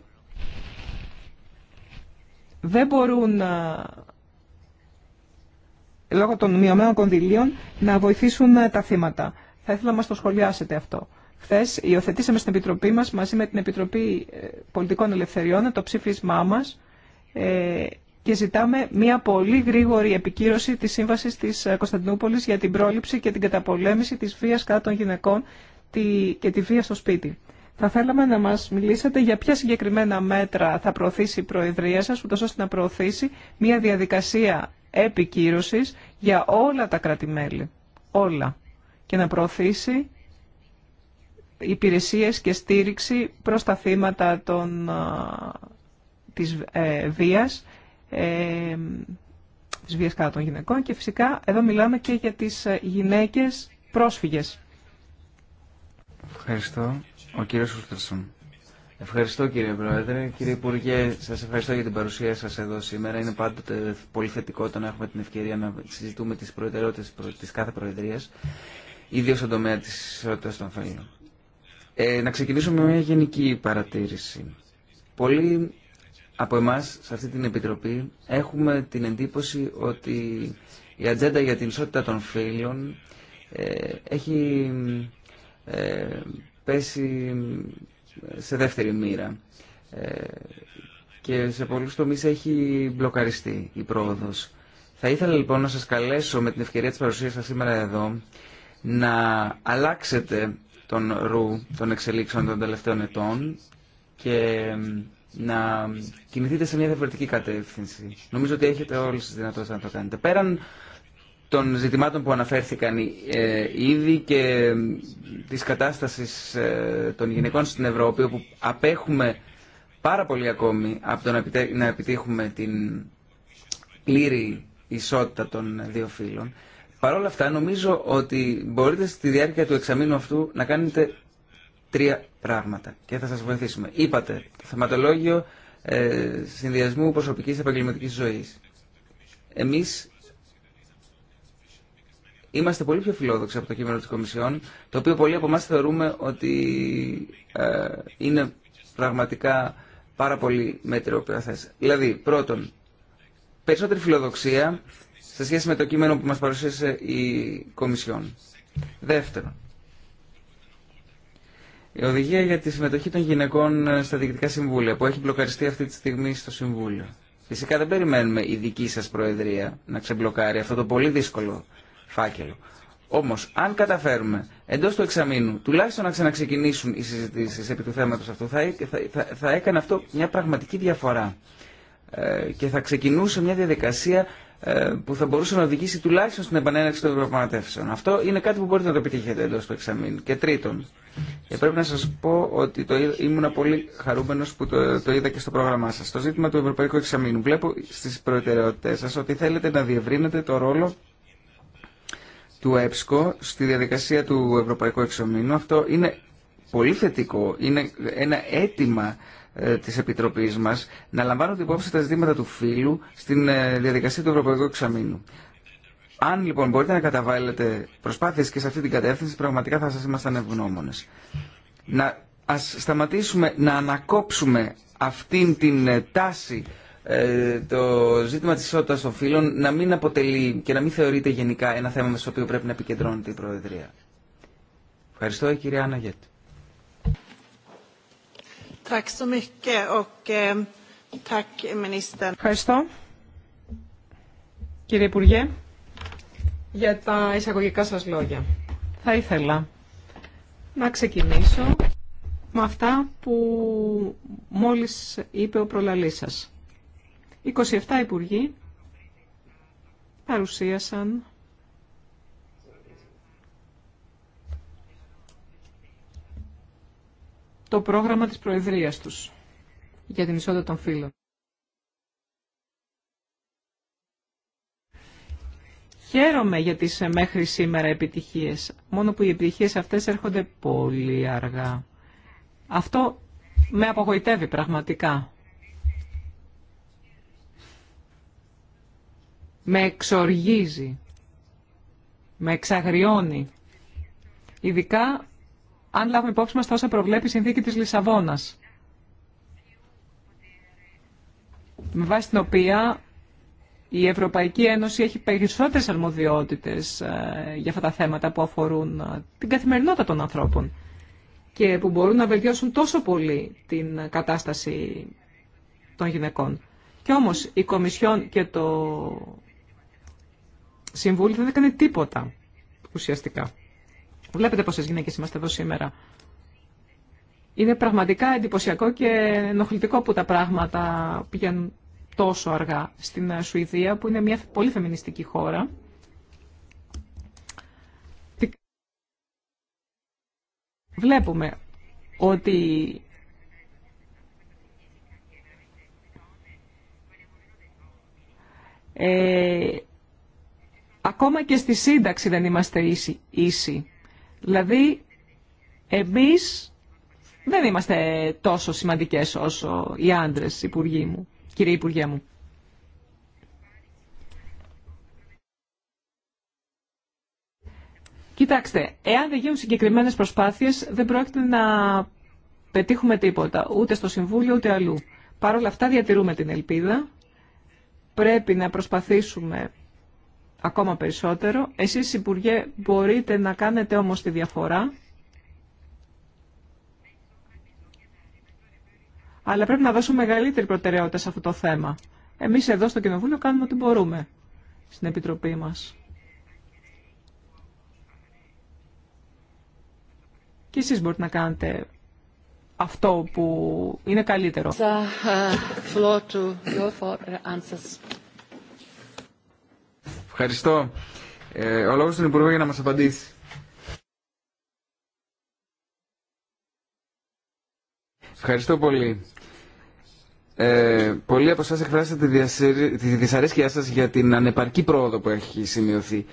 δεν μπορούν ε, λόγω των μειωμένων κονδυλίων να βοηθήσουν τα θύματα. Θα ήθελα να μας το σχολιάσετε αυτό. Χθε υιοθετήσαμε στην Επιτροπή μας μαζί με την Επιτροπή Πολιτικών Ελευθεριών το ψήφισμά μας και ζητάμε μια πολύ γρήγορη επικύρωση της Σύμβασης της ε, Κωνσταντινούπολης για την πρόληψη και την καταπολέμηση της βίας κατά των γυναικών και τη βία στο σπίτι. Θα θέλαμε να μας μιλήσετε για ποια συγκεκριμένα μέτρα θα προωθήσει η Προεδρία σας, ούτως ώστε να προωθήσει μια διαδικασία επικύρωσης για όλα τα κρατημέλη. Όλα. Και να προωθήσει υπηρεσίες και στήριξη προς τα θύματα των, ε, της ε, βίας Τη ε, της βίας κατά των γυναικών και φυσικά εδώ μιλάμε και για τις ε, γυναίκες πρόσφυγες. Ευχαριστώ. Ο κύριος Ευχαριστώ κύριε Πρόεδρε. Κύριε Υπουργέ, σας ευχαριστώ για την παρουσία σας εδώ σήμερα. Είναι πάντοτε πολύ θετικό το να έχουμε την ευκαιρία να συζητούμε τις προτεραιότητες της κάθε Προεδρίας, ιδίω στον τομέα της ισότητας των φαίνων. Ε, να ξεκινήσουμε με μια γενική παρατήρηση. Πολλοί από εμάς σε αυτή την Επιτροπή έχουμε την εντύπωση ότι η ατζέντα για την ισότητα των φίλων ε, έχει ε, πέσει σε δεύτερη μοίρα ε, και σε πολλούς τομείς έχει μπλοκαριστεί η πρόοδος. Θα ήθελα λοιπόν να σας καλέσω με την ευκαιρία της παρουσίας σας σήμερα εδώ να αλλάξετε τον ρου των εξελίξεων των τελευταίων ετών και να κινηθείτε σε μια διαφορετική κατεύθυνση. Νομίζω ότι έχετε όλε τις δυνατότητες να το κάνετε. Πέραν των ζητημάτων που αναφέρθηκαν ε, ήδη και της κατάστασης ε, των γυναικών στην Ευρώπη, όπου απέχουμε πάρα πολύ ακόμη από το να επιτύχουμε την πλήρη ισότητα των δύο φύλων. παρόλα αυτά, νομίζω ότι μπορείτε στη διάρκεια του εξαμήνου αυτού να κάνετε τρία πράγματα και θα σας βοηθήσουμε. Είπατε το θεματολόγιο ε, συνδυασμού προσωπικής επαγγελματικής ζωής. Εμείς είμαστε πολύ πιο φιλόδοξοι από το κείμενο της Κομισιόν, το οποίο πολλοί από εμά θεωρούμε ότι ε, είναι πραγματικά πάρα πολύ θέσει. Δηλαδή, πρώτον, περισσότερη φιλοδοξία σε σχέση με το κείμενο που μας παρουσίασε η Κομισιόν. Δεύτερον, η οδηγία για τη συμμετοχή των γυναικών στα διοικητικά συμβούλια που έχει μπλοκαριστεί αυτή τη στιγμή στο Συμβούλιο. Φυσικά δεν περιμένουμε η δική σας Προεδρία να ξεμπλοκάρει αυτό το πολύ δύσκολο φάκελο. Όμω, αν καταφέρουμε εντό του εξαμήνου τουλάχιστον να ξαναξεκινήσουν οι συζητήσει επί του θέματο αυτού, θα, θα, θα έκανε αυτό μια πραγματική διαφορά. Ε, και θα ξεκινούσε μια διαδικασία ε, που θα μπορούσε να οδηγήσει τουλάχιστον στην επανέναρξη των διαπραγματεύσεων. Αυτό είναι κάτι που μπορείτε να το επιτύχετε εντό του εξαμήνου. Και τρίτον, πρέπει να σα πω ότι το ήμουν πολύ χαρούμενο που το, το είδα και στο πρόγραμμά σα. Το ζήτημα του Ευρωπαϊκού Εξαμήνου. Βλέπω στι προτεραιότητέ σα ότι θέλετε να διευρύνετε το ρόλο του ΕΠΣΚΟ στη διαδικασία του Ευρωπαϊκού Εξαμήνου. Αυτό είναι πολύ θετικό. Είναι ένα αίτημα ε, της Επιτροπής μας να λαμβάνονται υπόψη τα ζητήματα του φύλου στην ε, διαδικασία του Ευρωπαϊκού Εξαμήνου. Αν λοιπόν μπορείτε να καταβάλλετε προσπάθειες και σε αυτή την κατεύθυνση, πραγματικά θα σας ήμασταν ευγνώμονες. Να ας σταματήσουμε να ανακόψουμε αυτήν την ε, τάση το ζήτημα της ισότητας των φύλων να μην αποτελεί και να μην θεωρείται γενικά ένα θέμα με στο οποίο πρέπει να επικεντρώνεται η Προεδρία. Ευχαριστώ, κυρία Αναγέτη. Eh, Ευχαριστώ, κύριε Υπουργέ, για τα εισαγωγικά σας λόγια. Θα ήθελα να ξεκινήσω με αυτά που μόλις είπε ο προλαλής σας. 27 υπουργοί παρουσίασαν το πρόγραμμα της Προεδρίας τους για την ισότητα των φύλων. Χαίρομαι για τις μέχρι σήμερα επιτυχίες, μόνο που οι επιτυχίες αυτές έρχονται πολύ αργά. Αυτό με απογοητεύει πραγματικά. Με εξοργίζει, με εξαγριώνει. Ειδικά αν λάβουμε υπόψη μας τα προβλέπει η συνθήκη της Λισαβόνας, με βάση την οποία η Ευρωπαϊκή Ένωση έχει περισσότερες αρμοδιότητες ε, για αυτά τα θέματα που αφορούν ε, την καθημερινότητα των ανθρώπων και που μπορούν να βελτιώσουν τόσο πολύ την κατάσταση των γυναικών. Και όμως η Κομισιόν και το Συμβούλιο δεν έκανε τίποτα ουσιαστικά. Βλέπετε πόσε γυναίκε είμαστε εδώ σήμερα. Είναι πραγματικά εντυπωσιακό και ενοχλητικό που τα πράγματα πηγαίνουν τόσο αργά στην Σουηδία, που είναι μια πολύ φεμινιστική χώρα. Βλέπουμε ότι ε, ακόμα και στη σύνταξη δεν είμαστε ίσοι. Δηλαδή, εμείς δεν είμαστε τόσο σημαντικές όσο οι άντρες, υπουργοί μου, κύριε Υπουργέ μου. Κοιτάξτε, εάν δεν γίνουν συγκεκριμένες προσπάθειες, δεν πρόκειται να πετύχουμε τίποτα, ούτε στο Συμβούλιο, ούτε αλλού. Παρ' όλα αυτά διατηρούμε την ελπίδα. Πρέπει να προσπαθήσουμε ακόμα περισσότερο. Εσείς, Υπουργέ, μπορείτε να κάνετε όμως τη διαφορά. Αλλά πρέπει να δώσουμε μεγαλύτερη προτεραιότητα σε αυτό το θέμα. Εμείς εδώ στο Κοινοβούλιο κάνουμε ό,τι μπορούμε στην Επιτροπή μας. Και εσείς μπορείτε να κάνετε αυτό που είναι καλύτερο. Uh, Ευχαριστώ. Ε, ο λόγος στον Υπουργό για να μας απαντήσει. Ευχαριστώ πολύ. Ε, πολλοί από εσάς εκφράσατε τη δυσαρέσκειά σας για την ανεπαρκή πρόοδο που έχει σημειωθεί.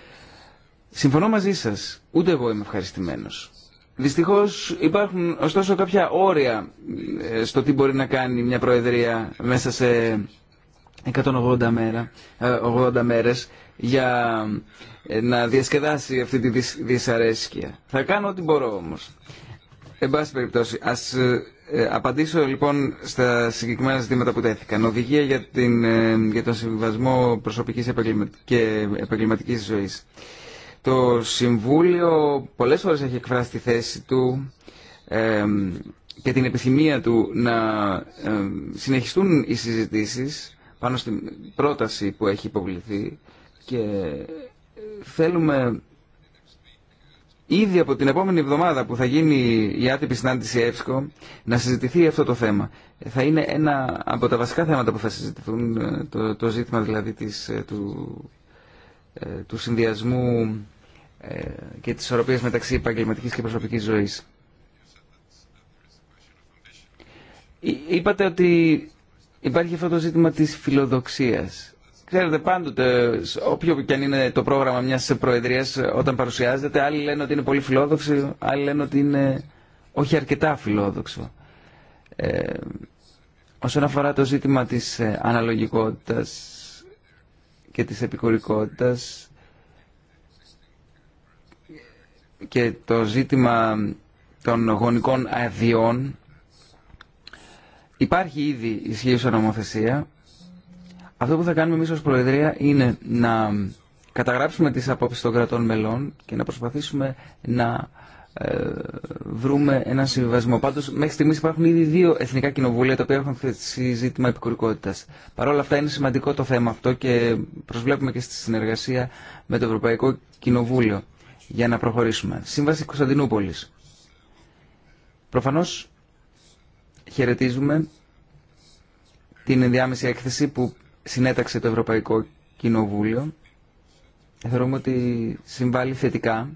Συμφωνώ μαζί σας. Ούτε εγώ είμαι ευχαριστημένος. Δυστυχώς υπάρχουν ωστόσο κάποια όρια ε, στο τι μπορεί να κάνει μια Προεδρία μέσα σε 180 μέρα, ε, μέρες για ε, να διασκεδάσει αυτή τη δυσαρέσκεια. Θα κάνω ό,τι μπορώ όμως. Εν πάση περιπτώσει, ας ε, ε, απαντήσω λοιπόν στα συγκεκριμένα ζητήματα που τέθηκαν. Οδηγία για, την, για τον συμβιβασμό προσωπικής και επαγγελματικής ζωής. Το Συμβούλιο πολλές φορές έχει εκφράσει τη θέση του και την επιθυμία του να συνεχιστούν οι συζητήσεις πάνω στην πρόταση που έχει υποβληθεί και θέλουμε ήδη από την επόμενη εβδομάδα που θα γίνει η άτυπη συνάντηση ΕΦΣΚΟ να συζητηθεί αυτό το θέμα. Θα είναι ένα από τα βασικά θέματα που θα συζητηθούν, το, ζήτημα δηλαδή της, ε, του, ε, του συνδυασμού ε, και της ισορροπίας μεταξύ επαγγελματική και προσωπικής ζωής. Είπατε ότι υπάρχει αυτό το ζήτημα της φιλοδοξίας. Ξέρετε πάντοτε, όποιο και αν είναι το πρόγραμμα μια προεδρία όταν παρουσιάζεται, άλλοι λένε ότι είναι πολύ φιλόδοξο, άλλοι λένε ότι είναι όχι αρκετά φιλόδοξο. Ε, όσον αφορά το ζήτημα τη ε, αναλογικότητα και τη επικουρικότητα και το ζήτημα των γονικών αδειών υπάρχει ήδη ισχύουσα νομοθεσία αυτό που θα κάνουμε εμεί ω Προεδρία είναι να καταγράψουμε τι απόψει των κρατών μελών και να προσπαθήσουμε να ε, βρούμε ένα συμβιβασμό. Πάντω, μέχρι στιγμή υπάρχουν ήδη δύο εθνικά κοινοβούλια τα οποία έχουν θέσει ζήτημα επικουρικότητα. Παρ' όλα αυτά, είναι σημαντικό το θέμα αυτό και προσβλέπουμε και στη συνεργασία με το Ευρωπαϊκό Κοινοβούλιο για να προχωρήσουμε. Σύμβαση Κωνσταντινούπολη. Προφανώ χαιρετίζουμε την ενδιάμεση έκθεση που συνέταξε το Ευρωπαϊκό Κοινοβούλιο. Θεωρούμε ότι συμβάλλει θετικά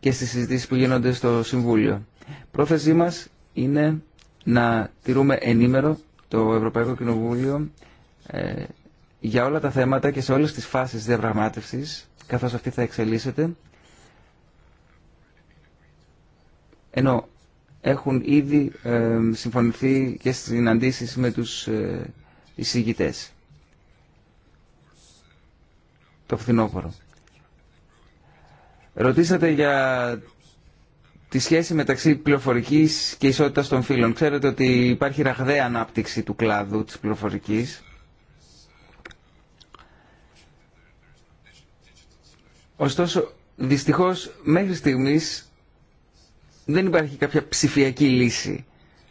και στις συζητήσεις που γίνονται στο Συμβούλιο. Πρόθεσή μας είναι να τηρούμε ενήμερο το Ευρωπαϊκό Κοινοβούλιο ε, για όλα τα θέματα και σε όλες τις φάσεις διαπραγμάτευσης, καθώς αυτή θα εξελίσσεται. Ενώ έχουν ήδη ε, συμφωνηθεί και στις συναντήσεις με τους ε, το φθινόπωρο. Ρωτήσατε για τη σχέση μεταξύ πληροφορικής και ισότητας των φύλων. Ξέρετε ότι υπάρχει ραγδαία ανάπτυξη του κλάδου της πληροφορικής. Ωστόσο, δυστυχώς, μέχρι στιγμής δεν υπάρχει κάποια ψηφιακή λύση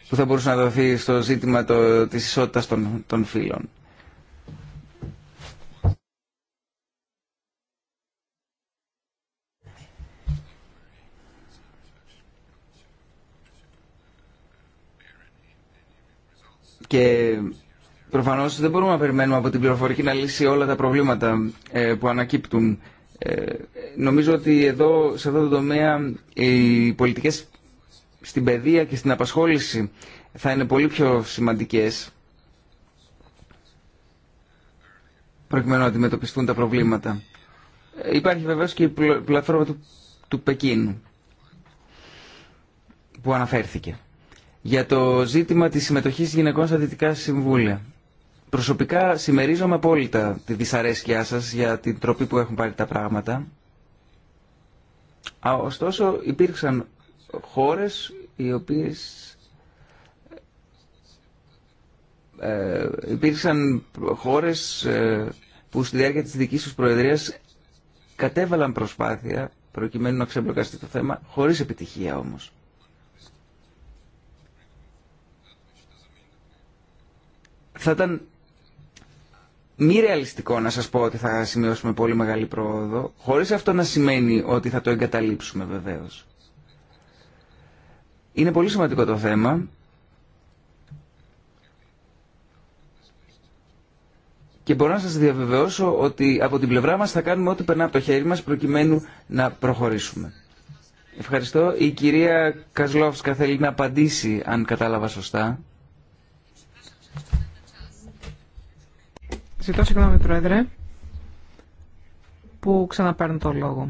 που θα μπορούσε να δοθεί στο ζήτημα το, της ισότητας των, των φύλων. Και προφανώς δεν μπορούμε να περιμένουμε από την πληροφορική να λύσει όλα τα προβλήματα ε, που ανακύπτουν. Ε, νομίζω ότι εδώ, σε αυτό το τομέα, οι πολιτικές στην παιδεία και στην απασχόληση θα είναι πολύ πιο σημαντικές προκειμένου να αντιμετωπιστούν τα προβλήματα. Ε, υπάρχει βεβαίω και η πλατφόρμα του, του Πεκίνου που αναφέρθηκε για το ζήτημα της συμμετοχής γυναικών στα δυτικά συμβούλια. Προσωπικά συμμερίζομαι απόλυτα τη δυσαρέσκειά σας για την τροπή που έχουν πάρει τα πράγματα. Ωστόσο υπήρξαν χώρες οι οποίες ε, υπήρξαν χώρες ε, που στη διάρκεια της δικής τους προεδρίας κατέβαλαν προσπάθεια προκειμένου να ξεμπλοκαστεί το θέμα, χωρίς επιτυχία όμως. θα ήταν μη ρεαλιστικό να σας πω ότι θα σημειώσουμε πολύ μεγάλη πρόοδο, χωρίς αυτό να σημαίνει ότι θα το εγκαταλείψουμε βεβαίως. Είναι πολύ σημαντικό το θέμα. Και μπορώ να σας διαβεβαιώσω ότι από την πλευρά μας θα κάνουμε ό,τι περνά από το χέρι μας προκειμένου να προχωρήσουμε. Ευχαριστώ. Η κυρία Κασλόφσκα θέλει να απαντήσει αν κατάλαβα σωστά. Ζητώ συγγνώμη, Πρόεδρε, που ξαναπαίρνω το λόγο.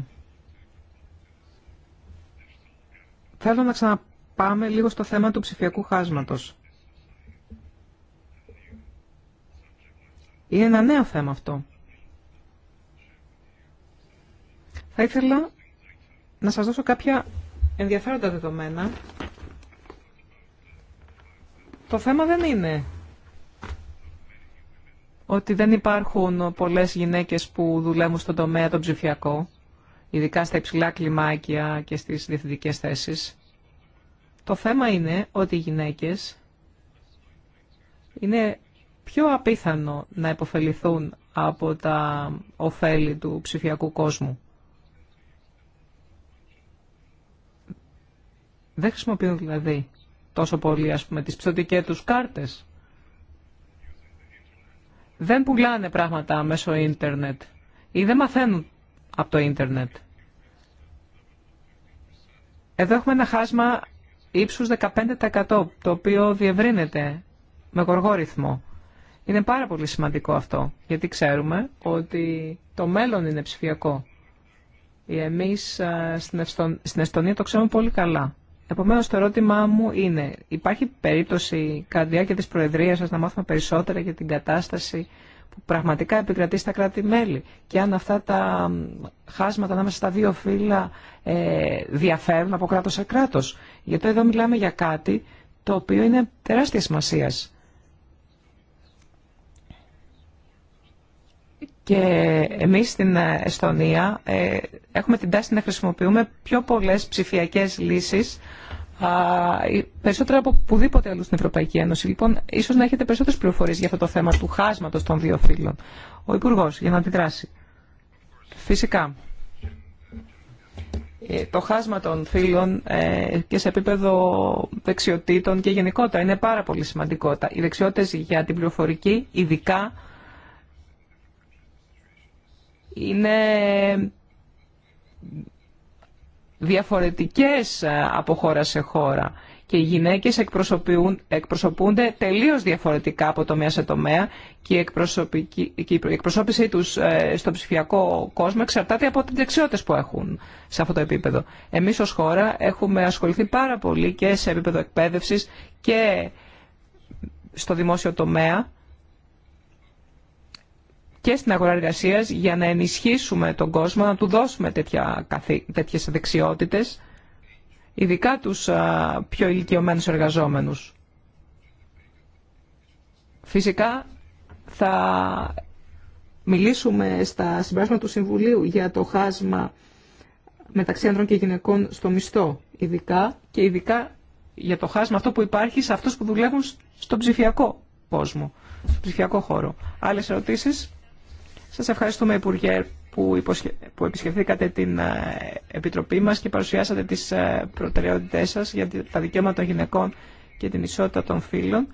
Θέλω να ξαναπάμε λίγο στο θέμα του ψηφιακού χάσματος. Είναι ένα νέο θέμα αυτό. Θα ήθελα να σας δώσω κάποια ενδιαφέροντα δεδομένα. Το θέμα δεν είναι ότι δεν υπάρχουν πολλές γυναίκες που δουλεύουν στον τομέα το ψηφιακό, ειδικά στα υψηλά κλιμάκια και στις διευθυντικές θέσεις. Το θέμα είναι ότι οι γυναίκες είναι πιο απίθανο να υποφεληθούν από τα ωφέλη του ψηφιακού κόσμου. Δεν χρησιμοποιούν δηλαδή τόσο πολύ ας τις ψωτικές τους κάρτες δεν πουλάνε πράγματα μέσω ίντερνετ ή δεν μαθαίνουν από το ίντερνετ. Εδώ έχουμε ένα χάσμα ύψους 15% το οποίο διευρύνεται με γοργό ρυθμό. Είναι πάρα πολύ σημαντικό αυτό, γιατί ξέρουμε ότι το μέλλον είναι ψηφιακό. Εμείς ε, στην Εστονία το ξέρουμε πολύ καλά. Επομένω, το ερώτημά μου είναι, υπάρχει περίπτωση κατά τη διάρκεια της Προεδρίας σας να μάθουμε περισσότερα για την κατάσταση που πραγματικά επικρατεί στα κράτη-μέλη και αν αυτά τα χάσματα ανάμεσα στα δύο φύλλα ε, διαφέρουν από κράτο σε κράτος. Γιατί εδώ μιλάμε για κάτι το οποίο είναι τεράστια σημασία. Και εμείς στην Εστονία ε, έχουμε την τάση να χρησιμοποιούμε πιο πολλές ψηφιακές λύσεις α, ε, περισσότερα από πουδήποτε άλλο στην Ευρωπαϊκή Ένωση. Λοιπόν, ίσως να έχετε περισσότερες πληροφορίες για αυτό το θέμα του χάσματος των δύο φύλων. Ο υπουργό για να αντιδράσει. Φυσικά. Ε, το χάσμα των φύλων ε, και σε επίπεδο δεξιοτήτων και γενικότερα είναι πάρα πολύ σημαντικό. Οι δεξιότητες για την πληροφορική ειδικά είναι διαφορετικές από χώρα σε χώρα και οι γυναίκες εκπροσωπούνται τελείως διαφορετικά από τομέα σε τομέα και η, και η εκπροσώπησή τους ε, στο ψηφιακό κόσμο εξαρτάται από τις δεξιότητες που έχουν σε αυτό το επίπεδο. Εμείς ως χώρα έχουμε ασχοληθεί πάρα πολύ και σε επίπεδο εκπαίδευσης και στο δημόσιο τομέα και στην αγορά εργασία για να ενισχύσουμε τον κόσμο, να του δώσουμε τέτοιε δεξιότητε, ειδικά τους πιο ηλικιωμένου εργαζόμενου. Φυσικά θα μιλήσουμε στα συμπράσματα του Συμβουλίου για το χάσμα μεταξύ άντρων και γυναικών στο μισθό, ειδικά και ειδικά για το χάσμα αυτό που υπάρχει σε αυτούς που δουλεύουν στον ψηφιακό κόσμο, στον ψηφιακό χώρο. Άλλες ερωτήσεις? Σας ευχαριστούμε Υπουργέ που, που επισκεφθήκατε την ε, Επιτροπή μας και παρουσιάσατε τις ε, προτεραιότητές σας για τα δικαιώματα των γυναικών και την ισότητα των φύλων.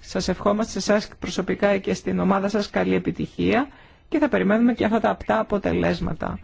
Σας ευχόμαστε σε προσωπικά και στην ομάδα σας καλή επιτυχία και θα περιμένουμε και αυτά τα απτά αποτελέσματα.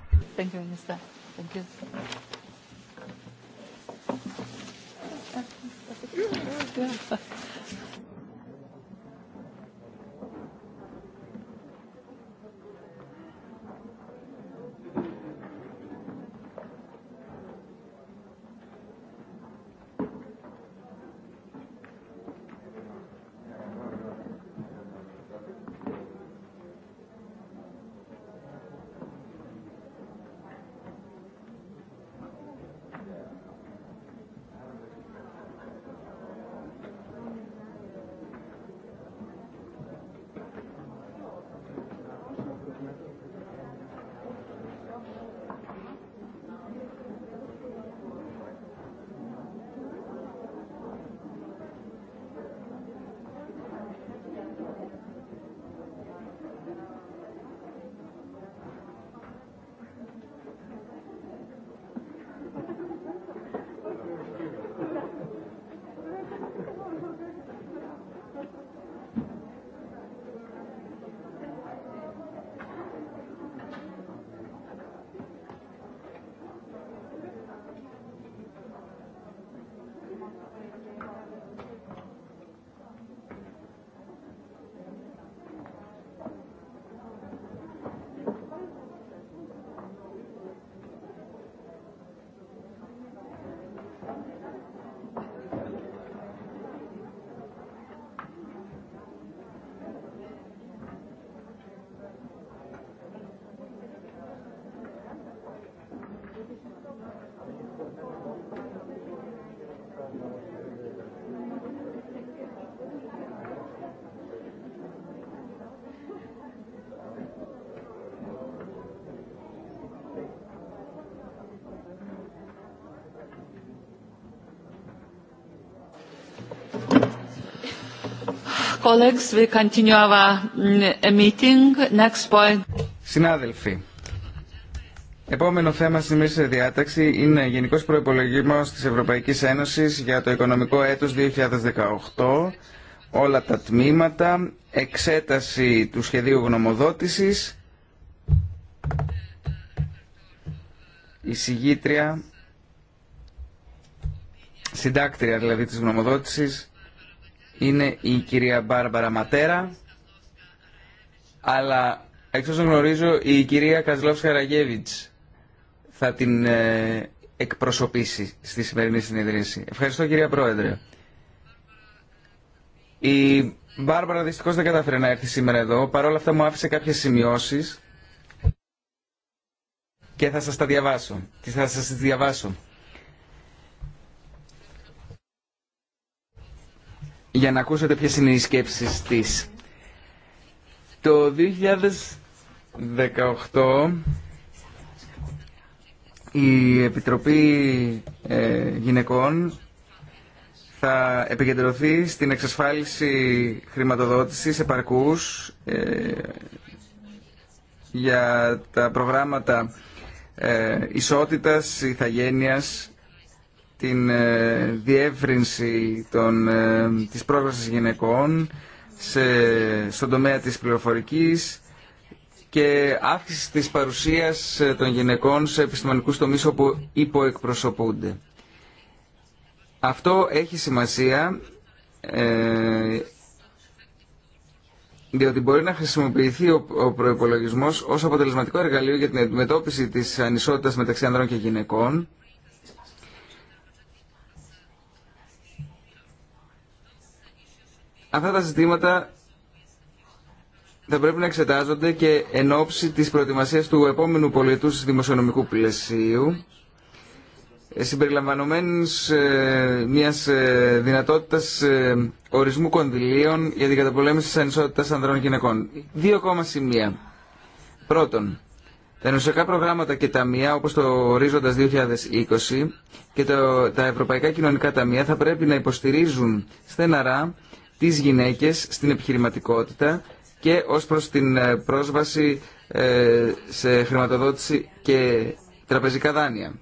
Mm, Συνάδελφοι, επόμενο θέμα στη μέση διάταξη είναι Γενικός Προπολογισμό της Ευρωπαϊκής Ένωσης για το οικονομικό έτος 2018, όλα τα τμήματα, εξέταση του σχεδίου γνωμοδότησης, η συγγήτρια, συντάκτρια δηλαδή της γνωμοδότησης, είναι η κυρία Μπάρμπαρα Ματέρα, αλλά εξ όσων γνωρίζω η κυρία Καζλόφς Χαραγέβιτς θα την ε, εκπροσωπήσει στη σημερινή συνεδρίαση. Ευχαριστώ κυρία Πρόεδρε. Η Μπάρμπαρα δυστυχώς δεν κατάφερε να έρθει σήμερα εδώ, παρόλα αυτά μου άφησε κάποιες σημειώσεις και θα σας τα διαβάσω. Τι θα σας τις διαβάσω. για να ακούσετε ποιες είναι οι σκέψεις της. Το 2018 η Επιτροπή ε, Γυναικών θα επικεντρωθεί στην εξασφάλιση χρηματοδότησης επαρκούς ε, για τα προγράμματα ε, ισότητας, ηθαγένειας την ε, διεύρυνση των, ε, της γυναικών σε, στον τομέα της πληροφορικής και αύξηση της παρουσίας ε, των γυναικών σε επιστημονικούς τομείς όπου υποεκπροσωπούνται. Αυτό έχει σημασία διότι μπορεί να χρησιμοποιηθεί ο προϋπολογισμός ως αποτελεσματικό εργαλείο για την αντιμετώπιση της ανισότητας μεταξύ ανδρών και γυναικών αυτά τα ζητήματα θα πρέπει να εξετάζονται και εν ώψη της προετοιμασίας του επόμενου πολιτού δημοσιονομικού πλαισίου ε, συμπεριλαμβανομένης ε, μιας ε, δυνατότητας ορισμού κονδυλίων για την καταπολέμηση της ανισότητας ανδρών και γυναικών. Δύο ακόμα σημεία. Πρώτον, τα ενωσιακά προγράμματα και ταμεία όπως το ορίζοντας 2020 και τα ευρωπαϊκά κοινωνικά ταμεία θα πρέπει να υποστηρίζουν στεναρά τις γυναίκες στην επιχειρηματικότητα και ως προς την ε, πρόσβαση ε, σε χρηματοδότηση και τραπεζικά δάνεια.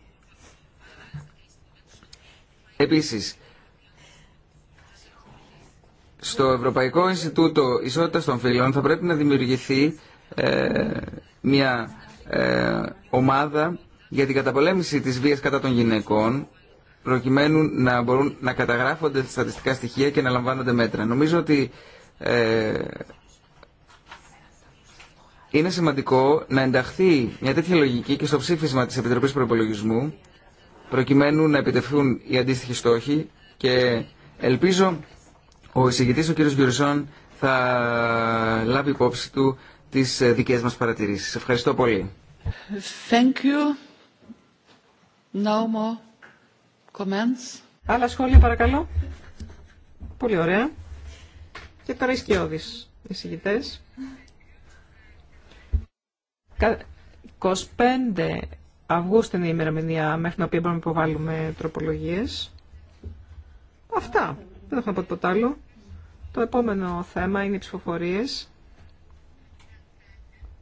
Επίσης, στο Ευρωπαϊκό Ινστιτούτο Ισότητας των Φιλών θα πρέπει να δημιουργηθεί ε, μια ομάδα για την καταπολέμηση της βίας κατά των γυναικών προκειμένου να μπορούν να καταγράφονται στατιστικά στοιχεία και να λαμβάνονται μέτρα. Νομίζω ότι ε, είναι σημαντικό να ενταχθεί μια τέτοια λογική και στο ψήφισμα της Επιτροπής Προπολογισμού προκειμένου να επιτευχθούν οι αντίστοιχοι στόχοι και ελπίζω ο εισηγητής ο κ. Γιουρισσόν, θα λάβει υπόψη του τις δικές μας παρατηρήσεις. Ευχαριστώ πολύ. Thank you. No Comments. Άλλα σχόλια παρακαλώ. Πολύ ωραία. Και τώρα οι σκιώδεις εισηγητές. 25 Αυγούστου είναι η ημερομηνία μέχρι την οποία μπορούμε να υποβάλουμε τροπολογίες. Αυτά. Δεν έχω να πω τίποτα άλλο. Το επόμενο θέμα είναι οι ψηφοφορίες.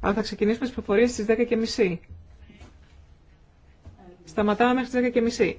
Αλλά θα ξεκινήσουμε τις ψηφοφορίες στις 10.30. Σταματάμε μέχρι τις 10.30.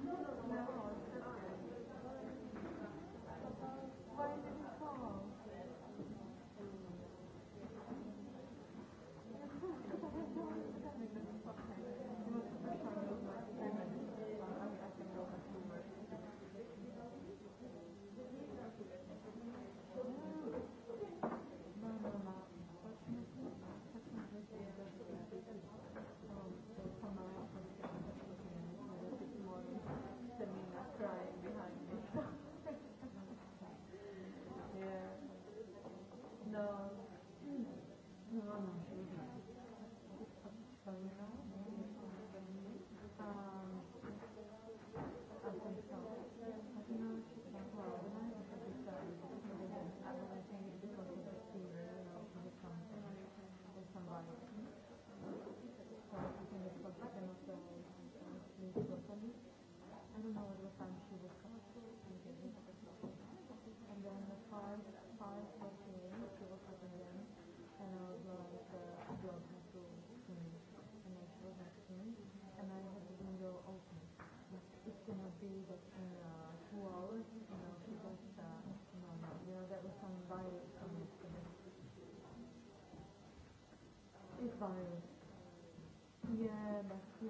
Why is it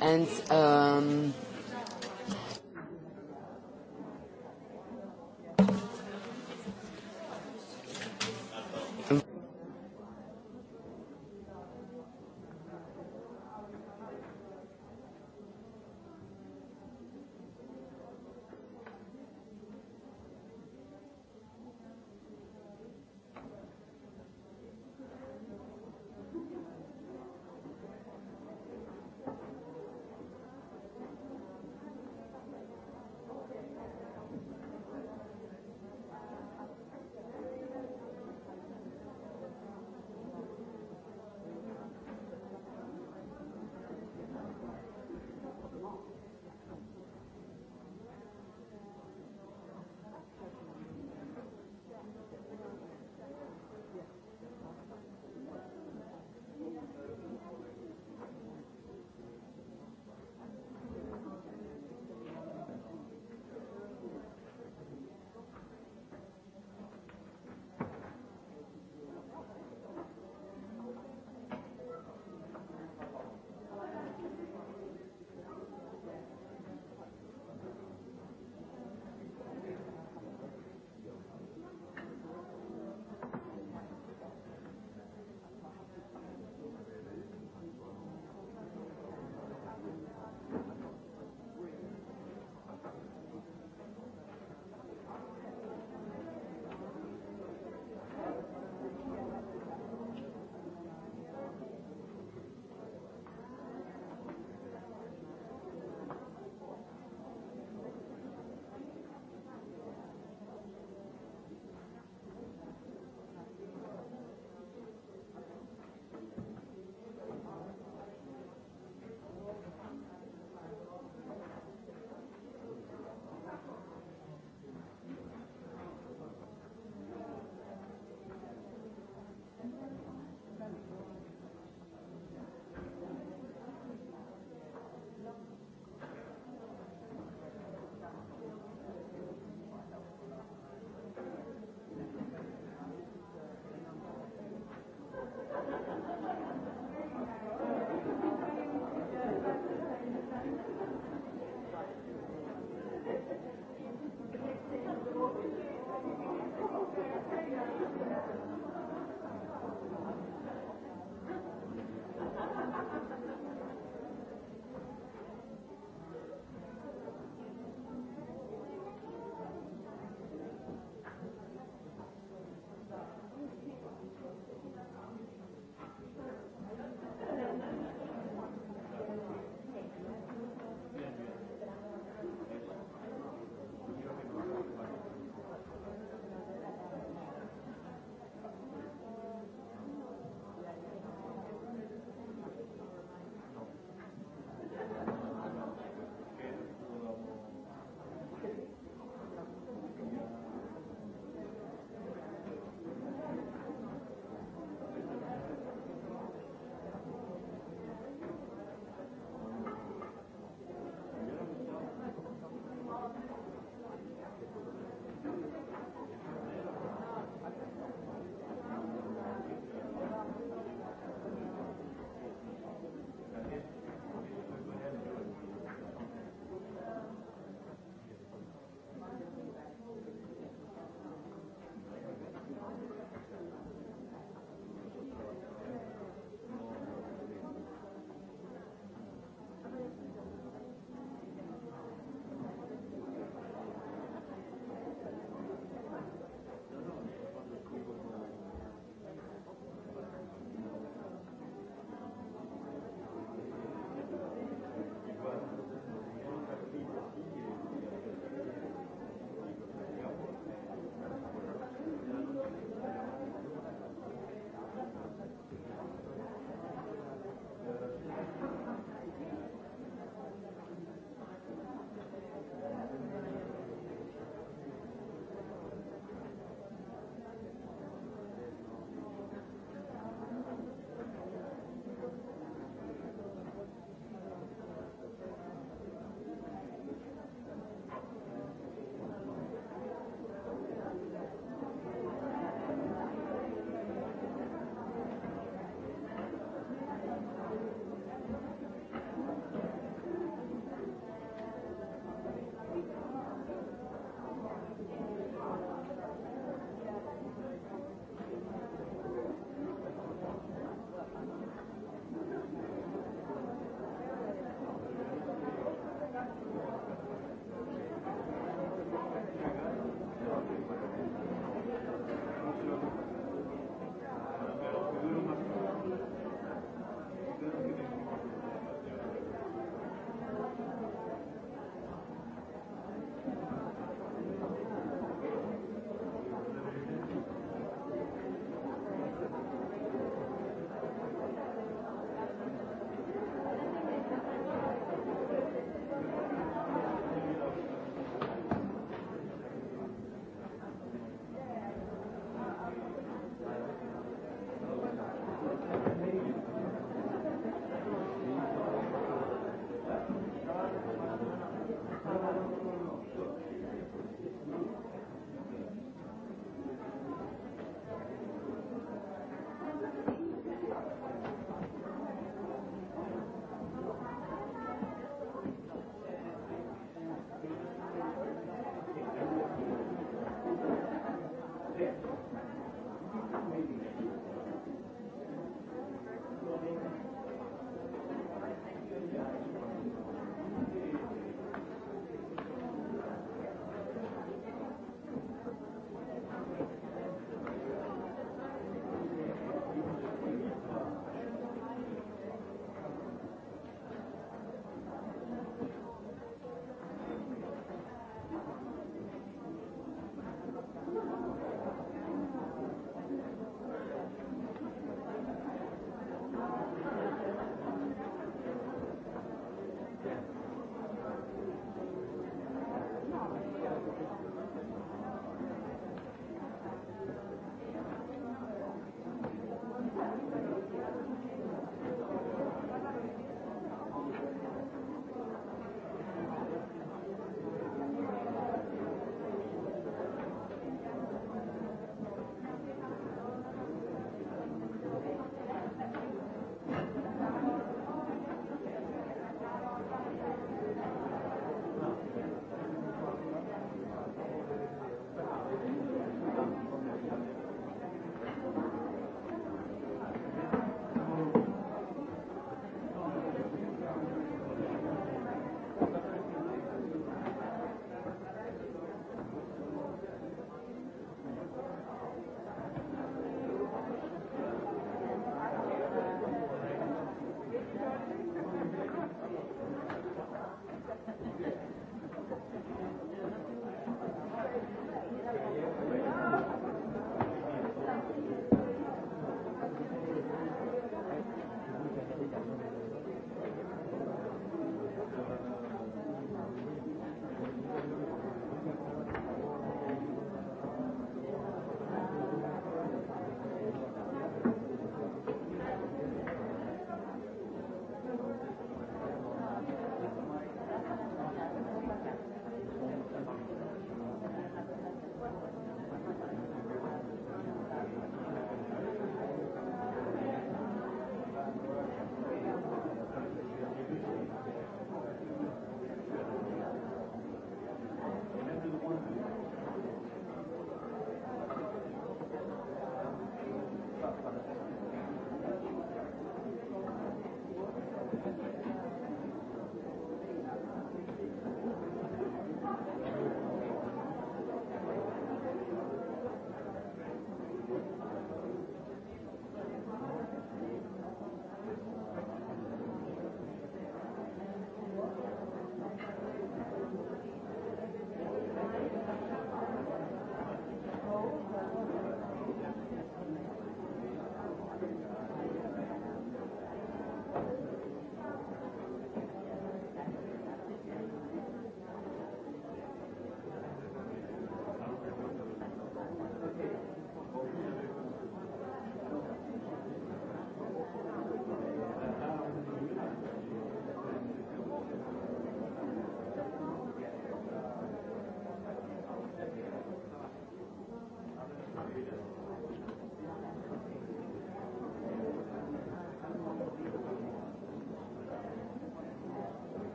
And um,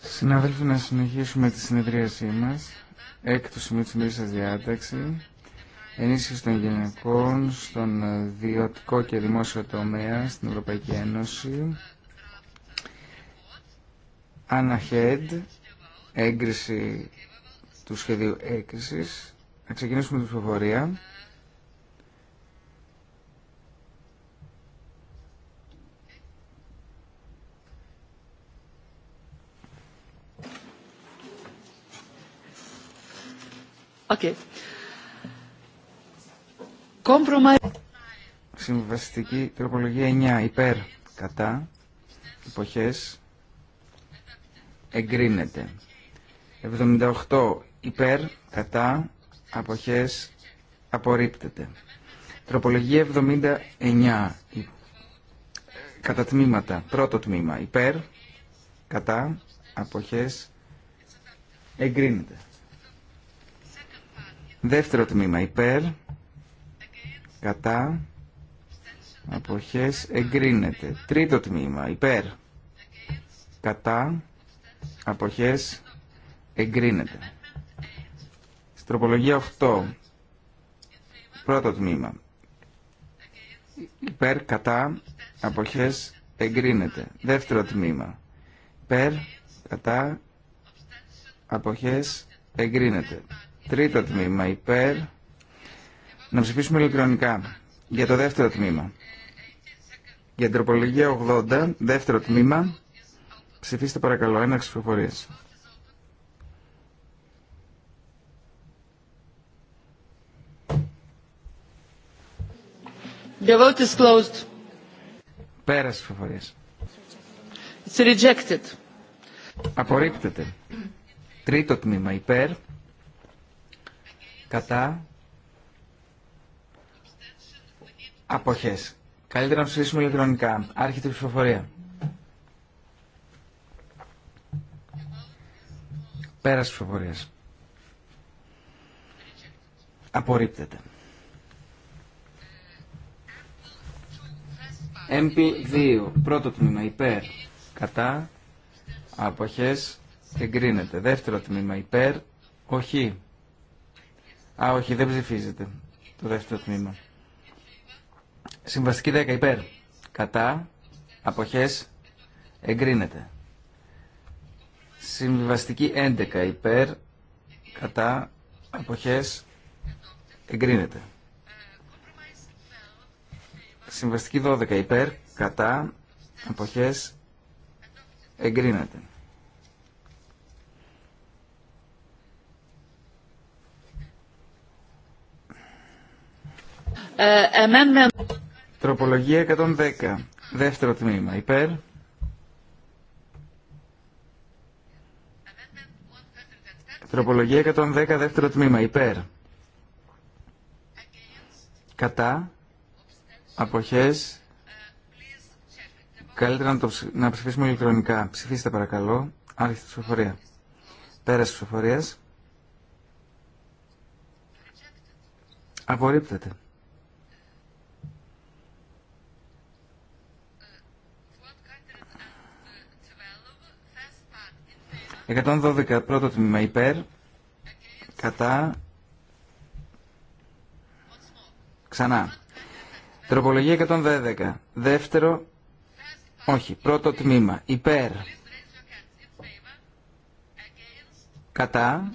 Συναδέλφοι, να συνεχίσουμε τη συνεδρίασή μας. Έκτο σημείο της ημέρης σα διάταξη. Ενίσχυση των γυναικών, στον ιδιωτικό και δημόσιο τομέα στην Ευρωπαϊκή Ένωση. Αναχέντ, έγκριση του σχεδίου έκθεσης, Να ξεκινήσουμε την ψηφοφορία. Συμβαστική τροπολογία 9 υπέρ κατά εποχές εγκρίνεται. 78 υπέρ κατά αποχές απορρίπτεται. Τροπολογία 79 κατά τμήματα. Πρώτο τμήμα υπέρ κατά αποχές εγκρίνεται. Δεύτερο τμήμα υπέρ, κατά, αποχές εγκρίνεται. Τρίτο τμήμα υπέρ, κατά, αποχές εγκρίνεται. Στροπολογία 8, πρώτο τμήμα. Υπέρ, κατά, αποχές εγκρίνεται. Δεύτερο τμήμα. Υπέρ, κατά, αποχές εγκρίνεται. Τρίτο τμήμα υπέρ. Να ψηφίσουμε ηλεκτρονικά. Για το δεύτερο τμήμα. Για τροπολογία 80, δεύτερο τμήμα. Ψηφίστε παρακαλώ, ένα ψηφοφορία. The vote is closed. Πέρασε ψηφοφορία. It's rejected. Απορρίπτεται. Τρίτο τμήμα υπέρ κατά αποχές. Καλύτερα να ψηφίσουμε ηλεκτρονικά. Άρχεται η ψηφοφορία. Πέρας ψηφοφορίας. Απορρίπτεται. MP2, πρώτο τμήμα, υπέρ, κατά, αποχές, εγκρίνεται. Δεύτερο τμήμα, υπέρ, όχι, Α, όχι, δεν ψηφίζεται το δεύτερο τμήμα. Συμβαστική 10 υπέρ. Κατά. Αποχές. Εγκρίνεται. Συμβαστική 11 υπέρ. Κατά. Αποχές. Εγκρίνεται. Συμβαστική 12 υπέρ. Κατά. Αποχές. Εγκρίνεται. Ε, Τροπολογία 110. Δεύτερο τμήμα. Υπέρ. Τροπολογία 110. Δεύτερο τμήμα. Υπέρ. Κατά. Αποχές. Καλύτερα να, το, ψηφίσουμε ηλεκτρονικά. Ψηφίστε παρακαλώ. Άρχισε τη ψηφοφορία. τη ψηφοφορία. Απορρίπτεται. 112 πρώτο τμήμα υπέρ, κατά, ξανά. Τροπολογία 112, δεύτερο, όχι, πρώτο τμήμα υπέρ, κατά,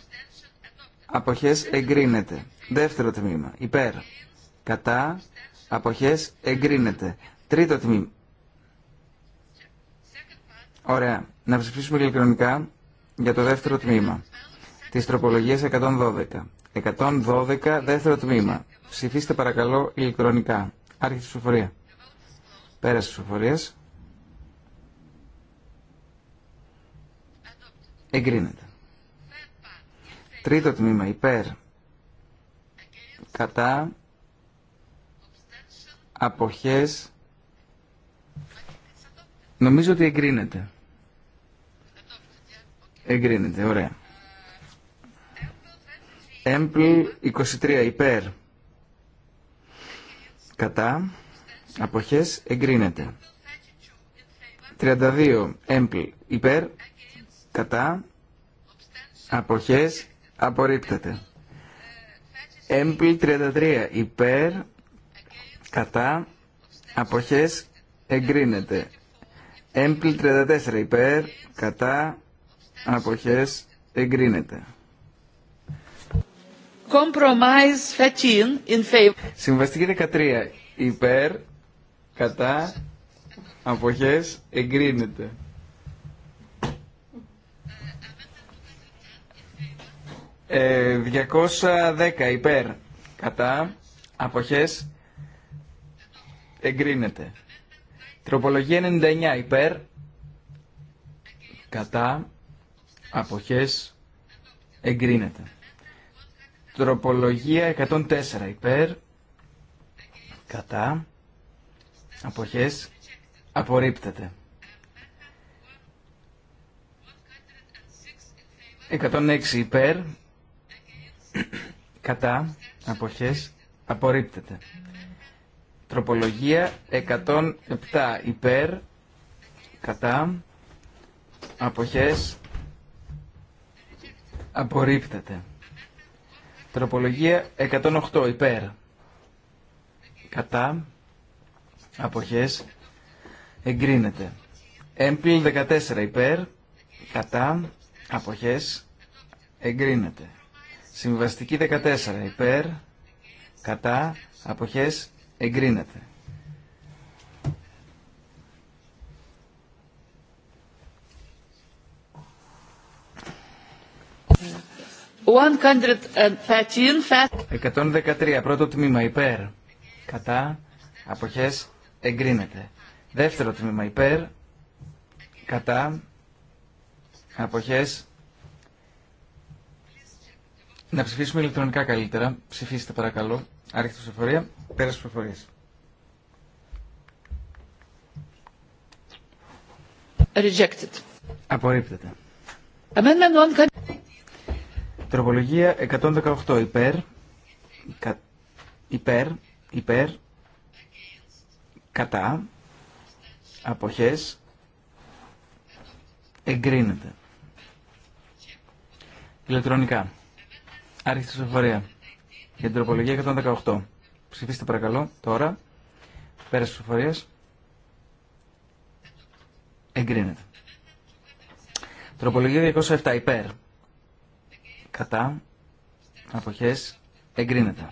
αποχές εγκρίνεται. Δεύτερο τμήμα υπέρ, κατά, αποχές εγκρίνεται. Τρίτο τμήμα. Ωραία. Να ψηφίσουμε ηλεκτρονικά για το δεύτερο τμήμα της τροπολογίας 112. 112 δεύτερο τμήμα. Ψηφίστε παρακαλώ ηλεκτρονικά. Άρχισε η ψηφοφορία. Πέρασε η ψηφοφορία. Εγκρίνεται. Τρίτο τμήμα υπέρ. Κατά. Αποχές. Νομίζω ότι εγκρίνεται. Εγκρίνεται, ωραία. Έμπλ 23 υπέρ. Κατά. Αποχές εγκρίνεται. 32 έμπλ υπέρ. Κατά. Αποχές απορρίπτεται. Έμπλ 33 υπέρ. Κατά. Αποχές εγκρίνεται. Έμπλ 34 υπέρ. Κατά αποχές εγκρίνεται. Συμβαστική 13 υπέρ κατά αποχές εγκρίνεται. Ε, 210 υπέρ κατά αποχές εγκρίνεται. Τροπολογία 99 υπέρ κατά αποχές εγκρίνεται. Τροπολογία 104 υπέρ, κατά, αποχές απορρίπτεται. 106 υπέρ, κατά, αποχές απορρίπτεται. Τροπολογία 107 υπέρ, κατά, αποχές Απορρίπτεται. Τροπολογία 108 υπέρ. Κατά. Αποχές. Εγκρίνεται. Έμπλ 14 υπέρ. Κατά. Αποχές. Εγκρίνεται. Συμβαστική 14 υπέρ. Κατά. Αποχές. Εγκρίνεται. 113. Πρώτο τμήμα υπέρ. Κατά. Αποχές. Εγκρίνεται. Δεύτερο τμήμα υπέρ. Κατά. Αποχές. Να ψηφίσουμε ηλεκτρονικά καλύτερα. Ψηφίστε παρακαλώ. Άρχιτε ψηφοφορία. Πέρας ψηφοφορίας. Rejected. Απορρίπτεται. Amendment Τροπολογία 118 υπέρ, υπέρ, υπέρ, κατά, αποχές, εγκρίνεται. Ηλεκτρονικά. Άρχισε η Για την τροπολογία 118. Ψηφίστε παρακαλώ τώρα. Πέρα ψηφοφορία. Εγκρίνεται. Τροπολογία 207 υπέρ κατά, αποχές, εγκρίνεται.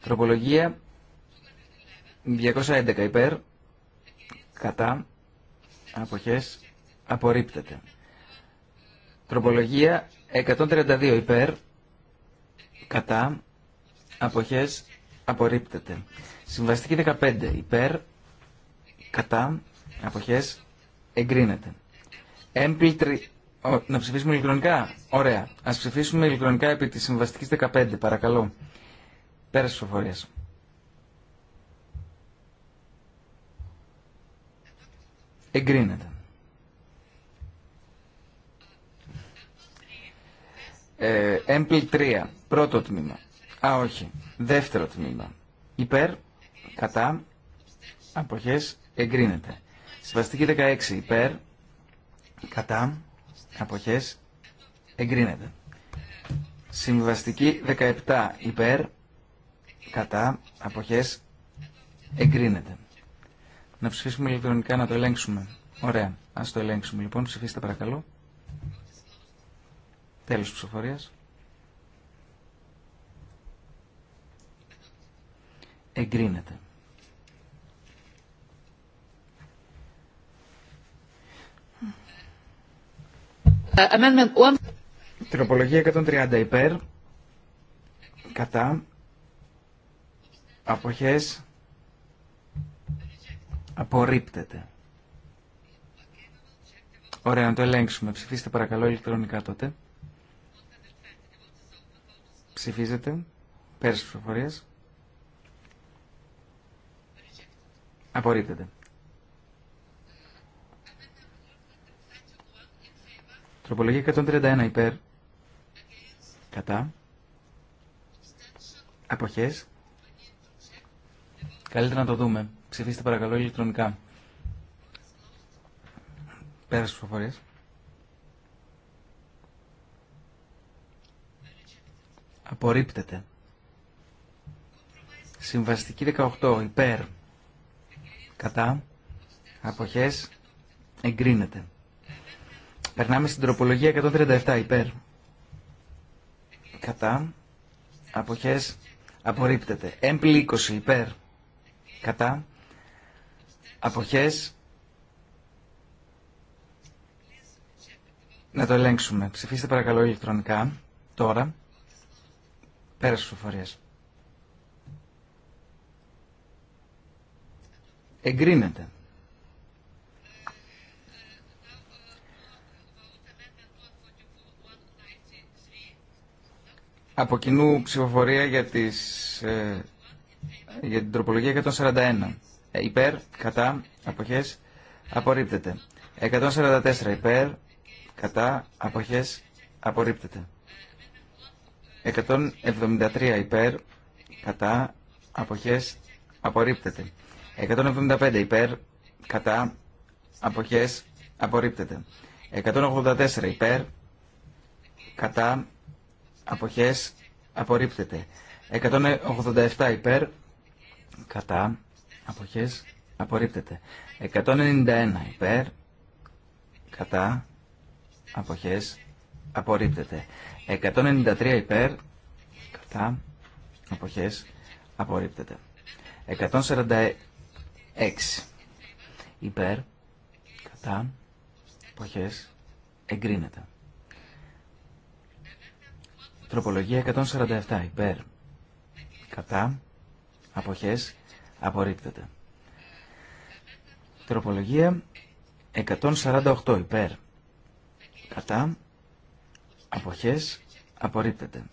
Τροπολογία 211 υπέρ, κατά, αποχές, απορρίπτεται. Τροπολογία 132 υπέρ, κατά, αποχές, απορρίπτεται. Συμβαστική 15 υπέρ, κατά, αποχές, εγκρίνεται. Έμπλη να ψηφίσουμε ηλεκτρονικά. Ωραία. Α ψηφίσουμε ηλεκτρονικά επί της συμβαστικής 15, παρακαλώ. Πέρα τη ψηφοφορία. Εγκρίνεται. Ε, έμπλ 3. Πρώτο τμήμα. Α, όχι. Δεύτερο τμήμα. Υπέρ, κατά, αποχές, εγκρίνεται. Συμβαστική 16. Υπέρ, κατά, αποχές εγκρίνεται. Συμβαστική 17 υπέρ κατά αποχές εγκρίνεται. Να ψηφίσουμε ηλεκτρονικά να το ελέγξουμε. Ωραία. Ας το ελέγξουμε λοιπόν. Ψηφίστε παρακαλώ. Τέλος ψηφοφορίας. Εγκρίνεται. Τροπολογία 130 υπέρ. Κατά. Αποχές. Απορρίπτεται. Ωραία, να το ελέγξουμε. Ψηφίστε παρακαλώ ηλεκτρονικά τότε. Ψηφίζετε. Πέρσι προφορίες. Απορρίπτεται. Τροπολογία 131 υπέρ. Κατά. Αποχές. Καλύτερα να το δούμε. Ψηφίστε παρακαλώ ηλεκτρονικά. Πέρα στις προφορίες. Απορρίπτεται. Συμβαστική 18 υπέρ. Κατά. Αποχές. Εγκρίνεται. Περνάμε στην τροπολογία 137 υπέρ. Κατά. Αποχές απορρίπτεται. Έμπλη 20 υπέρ. Κατά. Αποχές. Να το ελέγξουμε. Ψηφίστε παρακαλώ ηλεκτρονικά. Τώρα. Πέρα στους ψηφοφορίες. Εγκρίνεται. Από κοινού ψηφοφορία για, τις, ε, για την τροπολογία 141. Ε, υπέρ, κατά, αποχές, απορρίπτεται. 144 υπέρ, κατά, αποχές, απορρίπτεται. 173 υπέρ, κατά, αποχές, απορρίπτεται. 175 υπέρ, κατά, αποχές, απορρίπτεται. 184 υπέρ, κατά, αποχές απορρίπτεται. 187 υπέρ κατά αποχές απορρίπτεται. 191 υπέρ κατά αποχές απορρίπτεται. 193 υπέρ κατά αποχές απορρίπτεται. 146 υπέρ κατά αποχές εγκρίνεται. Τροπολογία 147 υπέρ. Κατά. Αποχές. Απορρίπτεται. Τροπολογία 148 υπέρ. Κατά. Αποχές. Απορρίπτεται.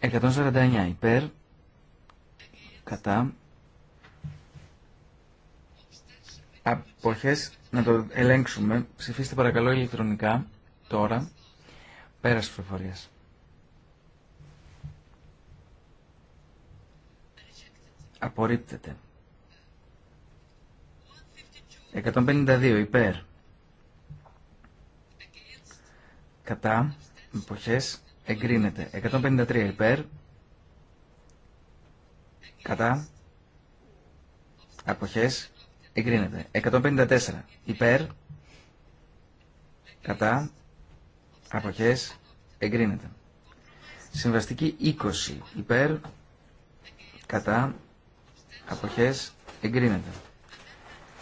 149 υπέρ. Κατά. Αποχές. Να το ελέγξουμε. Ψηφίστε παρακαλώ ηλεκτρονικά τώρα. Πέρας προφορίας. Απορρίπτεται. 152 υπέρ. Κατά. Εποχές. Εγκρίνεται. 153 υπέρ. Κατά. εποχέ, Εγκρίνεται. 154 υπέρ. Κατά αποχές εγκρίνεται. Συμβαστική 20 υπέρ κατά αποχές εγκρίνεται.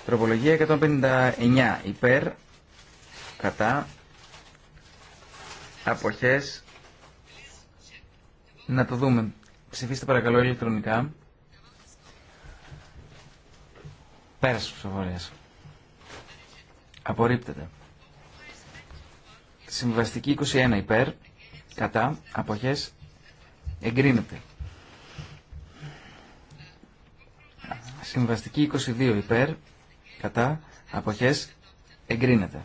Τροπολογία 159 υπέρ κατά αποχές να το δούμε. Ψηφίστε παρακαλώ ηλεκτρονικά. Πέρασε ψηφοφορίας. Απορρίπτεται. Συμβαστική 21 υπέρ, κατά, αποχές, εγκρίνεται. Συμβαστική 22 υπέρ, κατά, αποχές, εγκρίνεται.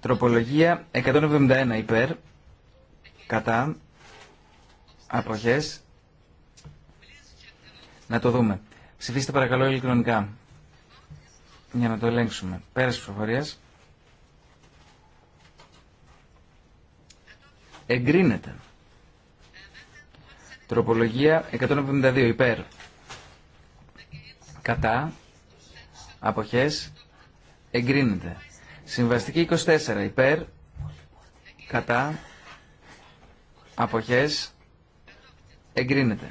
Τροπολογία 171 υπέρ, κατά, αποχές, να το δούμε. Ψηφίστε παρακαλώ ηλεκτρονικά για να το ελέγξουμε. Πέρας προφορίας. Εγκρίνεται. Τροπολογία 172 υπέρ. Κατά. Αποχές. Εγκρίνεται. Συμβαστική 24 υπέρ. Κατά. Αποχές. Εγκρίνεται.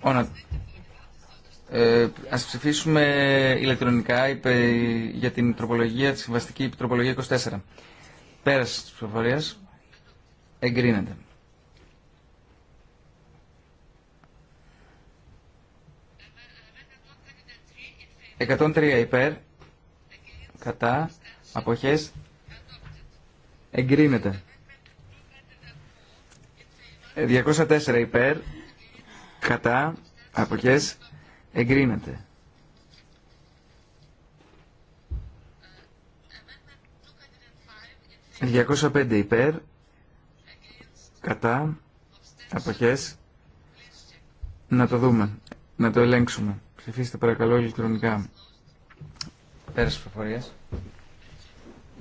Ωνα... Ε, ας ψηφίσουμε ηλεκτρονικά είπε, για την τροπολογία, τη συμβαστική τροπολογία 24. Πέραση τη ψηφοφορίας. Εγκρίνεται. Εκατόν τρία υπέρ. Κατά. Αποχές. Εγκρίνεται. 204 υπέρ. Κατά. Αποχές. Εγκρίνεται. 205 υπέρ κατά, αποχές, να το δούμε, να το ελέγξουμε. Ψηφίστε παρακαλώ ηλεκτρονικά. Πέρας προφορίας.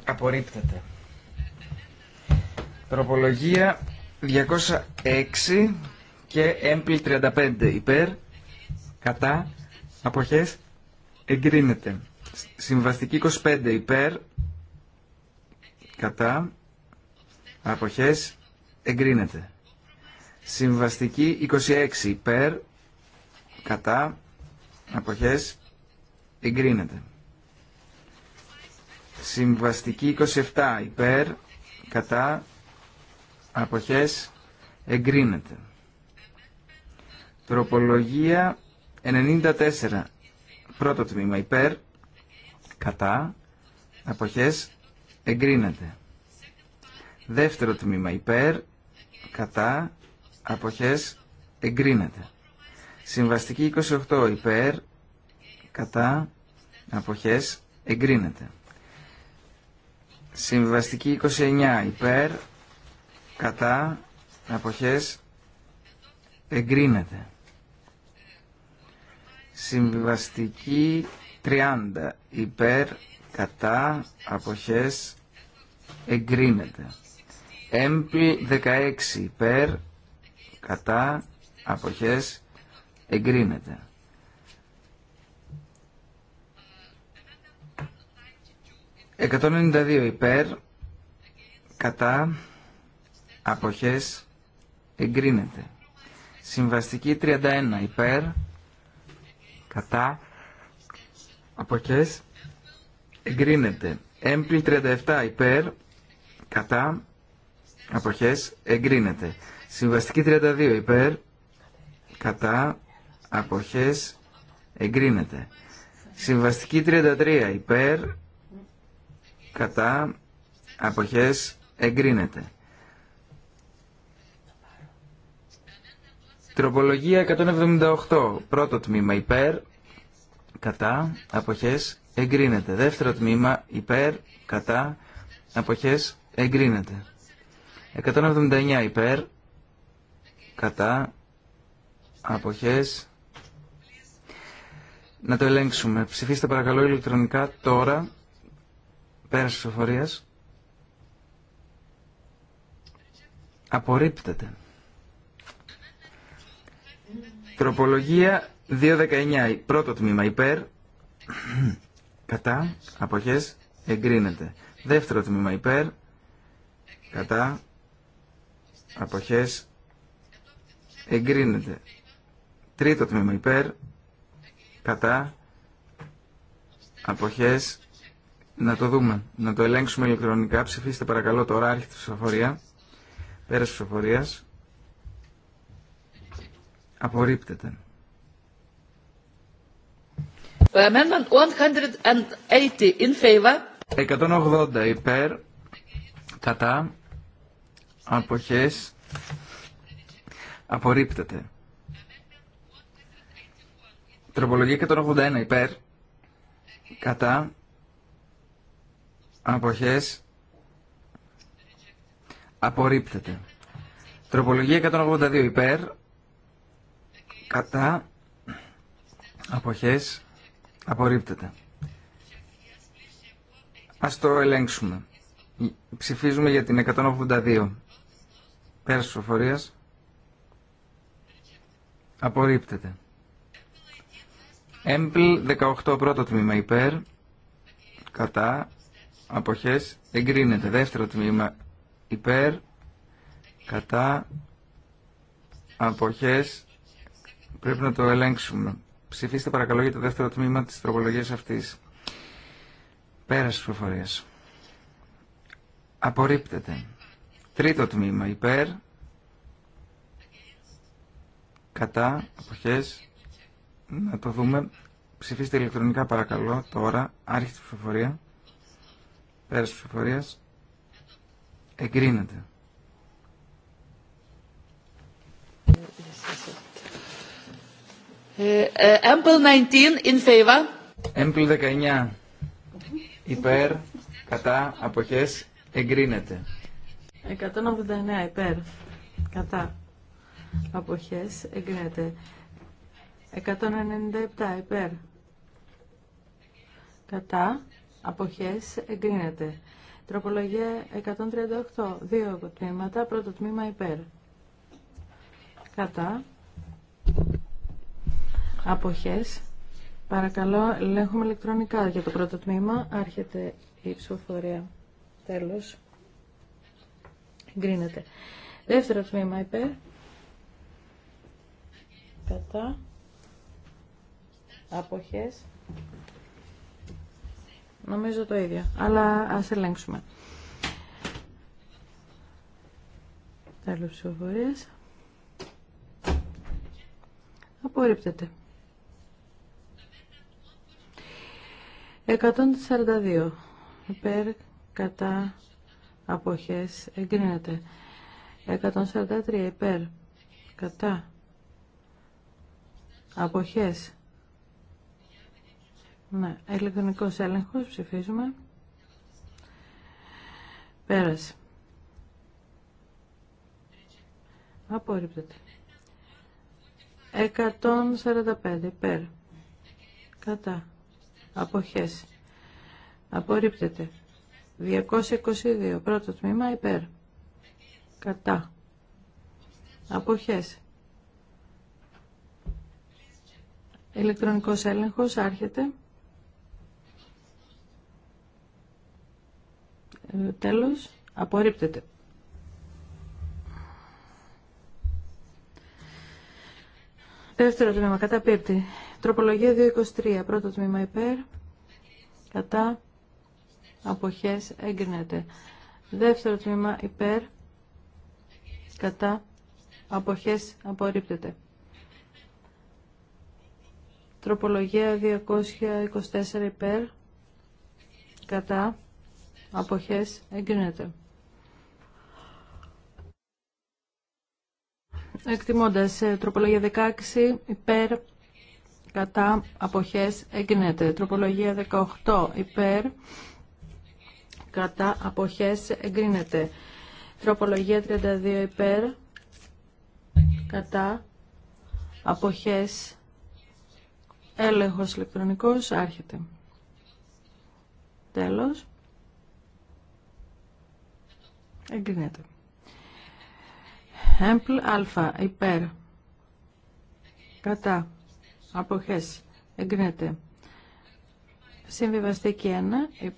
Απορρίπτεται. Τροπολογία 206 και έμπλη 35 υπέρ, κατά, αποχές, εγκρίνεται. Συμβαστική 25 υπέρ, κατά, αποχές, εγκρίνεται. Συμβαστική 26 υπέρ, κατά, αποχές, εγκρίνεται. Συμβαστική 27 υπέρ, κατά, αποχές, εγκρίνεται. Τροπολογία 94, πρώτο τμήμα υπέρ, κατά, αποχές, εγκρίνεται. Δεύτερο τμήμα υπέρ, κατά, αποχές, εγκρίνεται. Συμβαστική 28 υπέρ, κατά, αποχές, εγκρίνεται. Συμβαστική 29 υπέρ, κατά, αποχές, εγκρίνεται. Συμβαστική 30 υπέρ, κατά, αποχές, εγκρίνεται. ΕΜΠΙ 16 υπέρ, κατά, αποχές, εγκρίνεται. «192 υπέρ, κατά, αποχές, εγκρίνεται». Συμβαστική 31 υπέρ, κατά, αποχές, εγκρίνεται. Έμπλη 37 υπέρ, κατά, αποχές εγκρίνεται. Συμβαστική 32 υπέρ κατά αποχές εγκρίνεται. Συμβαστική 33 υπέρ κατά αποχές εγκρίνεται. Τροπολογία 178. Πρώτο τμήμα υπέρ, κατά, αποχές, εγκρίνεται. Δεύτερο τμήμα υπέρ, κατά, αποχές, εγκρίνεται. 179 υπέρ, κατά, αποχές. Να το ελέγξουμε. Ψηφίστε παρακαλώ ηλεκτρονικά τώρα, πέρα της ψηφοφορίας. Απορρίπτεται. Τροπολογία 2.19. Πρώτο τμήμα υπέρ, κατά, αποχές, εγκρίνεται. Δεύτερο τμήμα υπέρ, κατά, αποχές εγκρίνεται. Τρίτο τμήμα υπέρ, κατά, αποχές, να το δούμε, να το ελέγξουμε ηλεκτρονικά. Ψηφίστε παρακαλώ τώρα της ψηφοφορία, πέρας ψηφοφορίας, απορρίπτεται. Amendment 180 in favor. 180 υπέρ, κατά, αποχές απορρίπτεται. Τροπολογία 181 υπέρ κατά αποχές απορρίπτεται. Τροπολογία 182 υπέρ κατά αποχές απορρίπτεται. Ας το ελέγξουμε. Ψηφίζουμε για την 182. Πέρας προφορίας Απορρίπτεται. Έμπλ 18 πρώτο τμήμα υπέρ. Κατά. Αποχές. Εγκρίνεται. Δεύτερο τμήμα υπέρ. Κατά. Αποχές. Πρέπει να το ελέγξουμε. Ψηφίστε παρακαλώ για το δεύτερο τμήμα της τροπολογίας αυτής. Πέρας προφορίας Απορρίπτεται. Τρίτο τμήμα υπέρ. Κατά αποχές. Να το δούμε. Ψηφίστε ηλεκτρονικά παρακαλώ τώρα. Άρχισε ψηφοφορία. Πέρας ψηφοφορίας. Εγκρίνεται. Έμπλ ε, 19 ε, in favor. Έμπλ 19 υπέρ, κατά, αποχές, εγκρίνεται. 189 υπέρ. Κατά. Αποχές εγκρίνεται. 197 υπέρ. Κατά. Αποχές εγκρίνεται. Τροπολογία 138. Δύο τμήματα. Πρώτο τμήμα υπέρ. Κατά. Αποχές. Παρακαλώ, ελέγχουμε ηλεκτρονικά για το πρώτο τμήμα. Άρχεται η ψηφοφορία. Τέλος. Εγκρίνεται. Δεύτερο τμήμα υπέρ. Κατά. Αποχές. Νομίζω το ίδιο. Αλλά ας ελέγξουμε. Τέλος ψηφοφορίας. Απορρίπτεται. 142. Υπέρ, κατά, αποχές εγκρίνεται 143 υπέρ κατά αποχές ναι, ηλεκτρονικός έλεγχος ψηφίζουμε πέρασε απορρίπτεται 145 υπέρ κατά αποχές απορρίπτεται 222 πρώτο τμήμα υπέρ. Κατά. Αποχές. Ηλεκτρονικός έλεγχος άρχεται. Ε, τέλος. Απορρίπτεται. Δεύτερο τμήμα, κατά πίπτη. Τροπολογία 223. Πρώτο τμήμα υπέρ. Κατά αποχές εγκρίνεται. Δεύτερο τμήμα υπέρ, κατά, αποχές απορρίπτεται. Τροπολογία 224 υπέρ, κατά, αποχές εγκρίνεται. Εκτιμώντας ε, τροπολογία 16 υπέρ, κατά, αποχές εγκρίνεται. Τροπολογία 18 υπέρ, κατά αποχές εγκρίνεται. Τροπολογία 32 υπέρ κατά αποχές έλεγχος ηλεκτρονικός άρχεται. Τέλος. Εγκρίνεται. Έμπλ α υπέρ κατά αποχές εγκρίνεται. Συμβιβαστική 1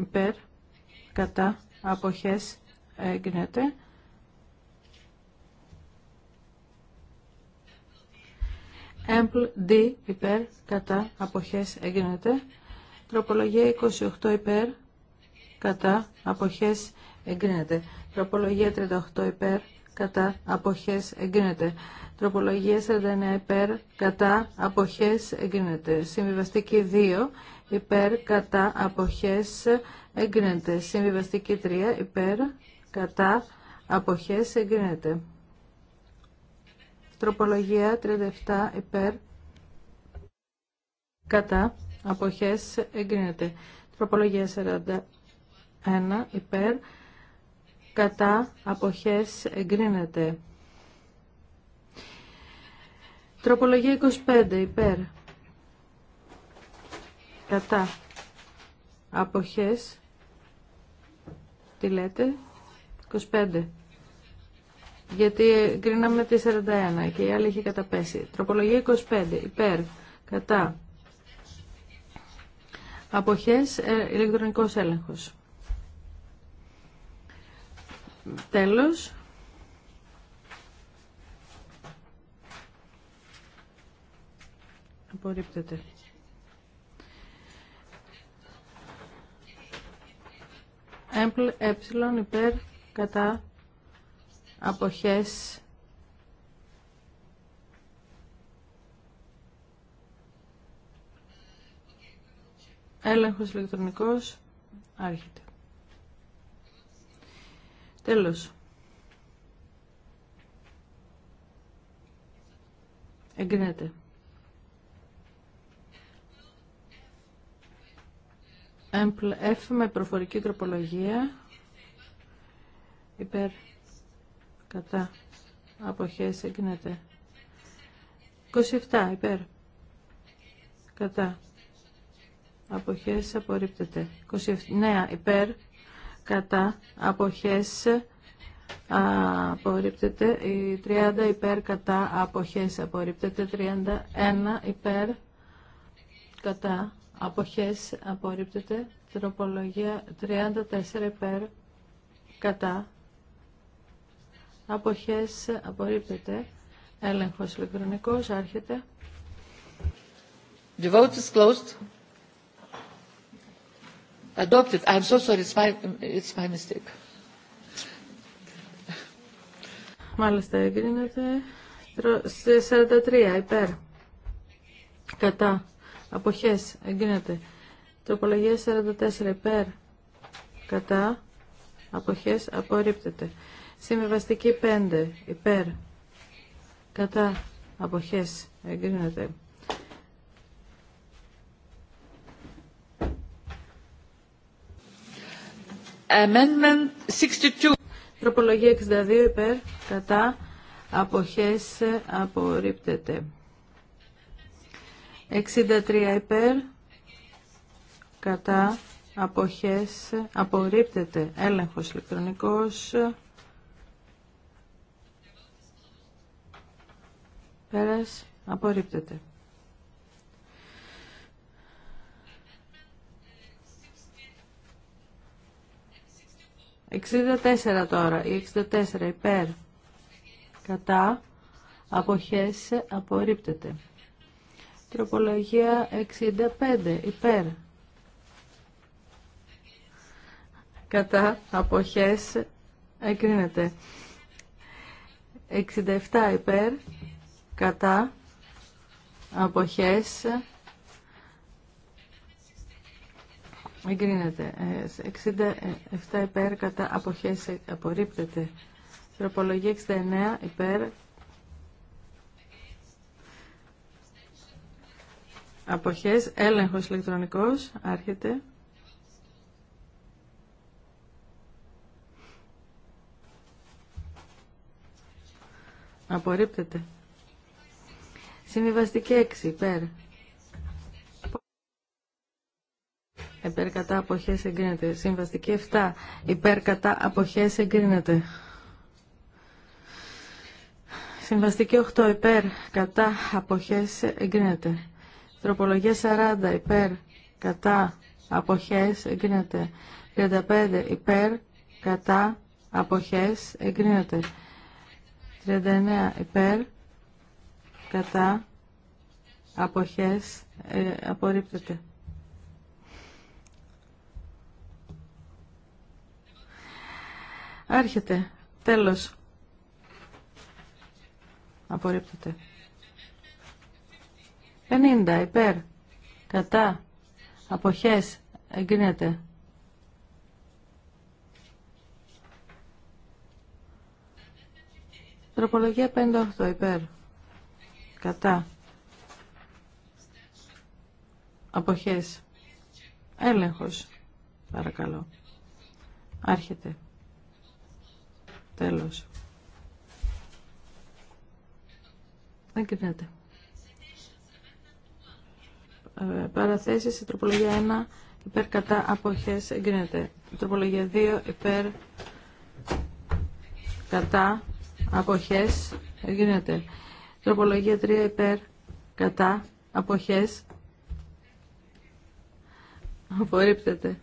υπέρ κατά αποχές έγκρινεται. Έμπλ D υπέρ κατά αποχές έγκρινεται. Τροπολογία 28 υπέρ κατά αποχές εγκρίνεται. Τροπολογία 38 υπέρ κατά αποχές εγκρίνεται. Τροπολογία 49 υπέρ κατά αποχές εγκρίνεται. Συμβιβαστική 2 υπέρ κατά αποχές εγκρίνεται. Συμβιβαστική 3 υπέρ κατά αποχές εγκρίνεται. Τροπολογία 37 υπέρ κατά αποχές εγκρίνεται. Τροπολογία 41 υπέρ κατά αποχές εγκρίνεται. Τροπολογία 25 υπέρ κατά αποχές τι λέτε. 25. Γιατί κρίναμε τη 41 και η άλλη είχε καταπέσει. Τροπολογία 25. Υπέρ. Κατά. Αποχές. Ε, ηλεκτρονικός έλεγχος. Τέλος. Απορρίπτεται. Έμπλ ε υπέρ κατά αποχές έλεγχος ηλεκτρονικός άρχεται. Τέλος. Εγκρίνεται. F με προφορική τροπολογία υπέρ κατά αποχές εγκρίνεται 27 υπέρ κατά αποχές απορρίπτεται 29 ναι, υπέρ κατά αποχές απορρίπτεται 30 υπέρ κατά αποχές απορρίπτεται 31 υπέρ κατά Αποχές απορρίπτεται. Τροπολογία 34 υπέρ. Κατά. Αποχές απορρίπτεται. Έλεγχος ηλεκτρονικός άρχεται. The vote is closed. Adopted. I'm so sorry. It's my, mistake. Μάλιστα εγκρίνεται. 43 υπέρ. Κατά. Αποχές. Εγκρίνεται. Τροπολογία 44 υπέρ. Κατά. Αποχές. Απορρίπτεται. Συμβιβαστική 5 υπέρ. Κατά. Αποχές. Εγκρίνεται. Amendment 62. Τροπολογία 62 υπέρ. Κατά. Αποχές. Απορρίπτεται. 63 υπέρ κατά αποχές απορρίπτεται έλεγχος ηλεκτρονικός πέρας απορρίπτεται 64 τώρα, η 64 υπέρ κατά αποχές απορρίπτεται. Τροπολογία 65 υπέρ. Κατά αποχές εγκρίνεται. 67 υπέρ. Κατά αποχές εγκρίνεται. 67 υπέρ. Κατά αποχές απορρίπτεται. Τροπολογία 69 υπέρ. Αποχές, έλεγχος ηλεκτρονικός, άρχεται. Απορρίπτεται. Συμβιβαστική 6, υπέρ. Υπέρ κατά αποχές εγκρίνεται. Συμβαστική 7, υπέρ κατά αποχές εγκρίνεται. Συμβαστική 8, υπέρ κατά αποχές εγκρίνεται. Τροπολογία 40 υπέρ κατά αποχές εγκρίνεται. 35 υπέρ κατά αποχές εγκρίνεται. 39 υπέρ κατά αποχές ε, απορρίπτεται. Άρχεται. Τέλος. Απορρίπτεται. 50 υπέρ κατά αποχές εγκρίνεται. Τροπολογία 58 υπέρ κατά αποχές έλεγχος παρακαλώ. Άρχεται. Τέλος. Εγκρίνεται. Ε, παραθέσεις. Η τροπολογία 1 υπέρ κατά αποχές εγκρίνεται. Η τροπολογία 2 υπέρ κατά αποχές εγκρίνεται. Η τροπολογία 3 υπέρ κατά αποχές απορρίπτεται.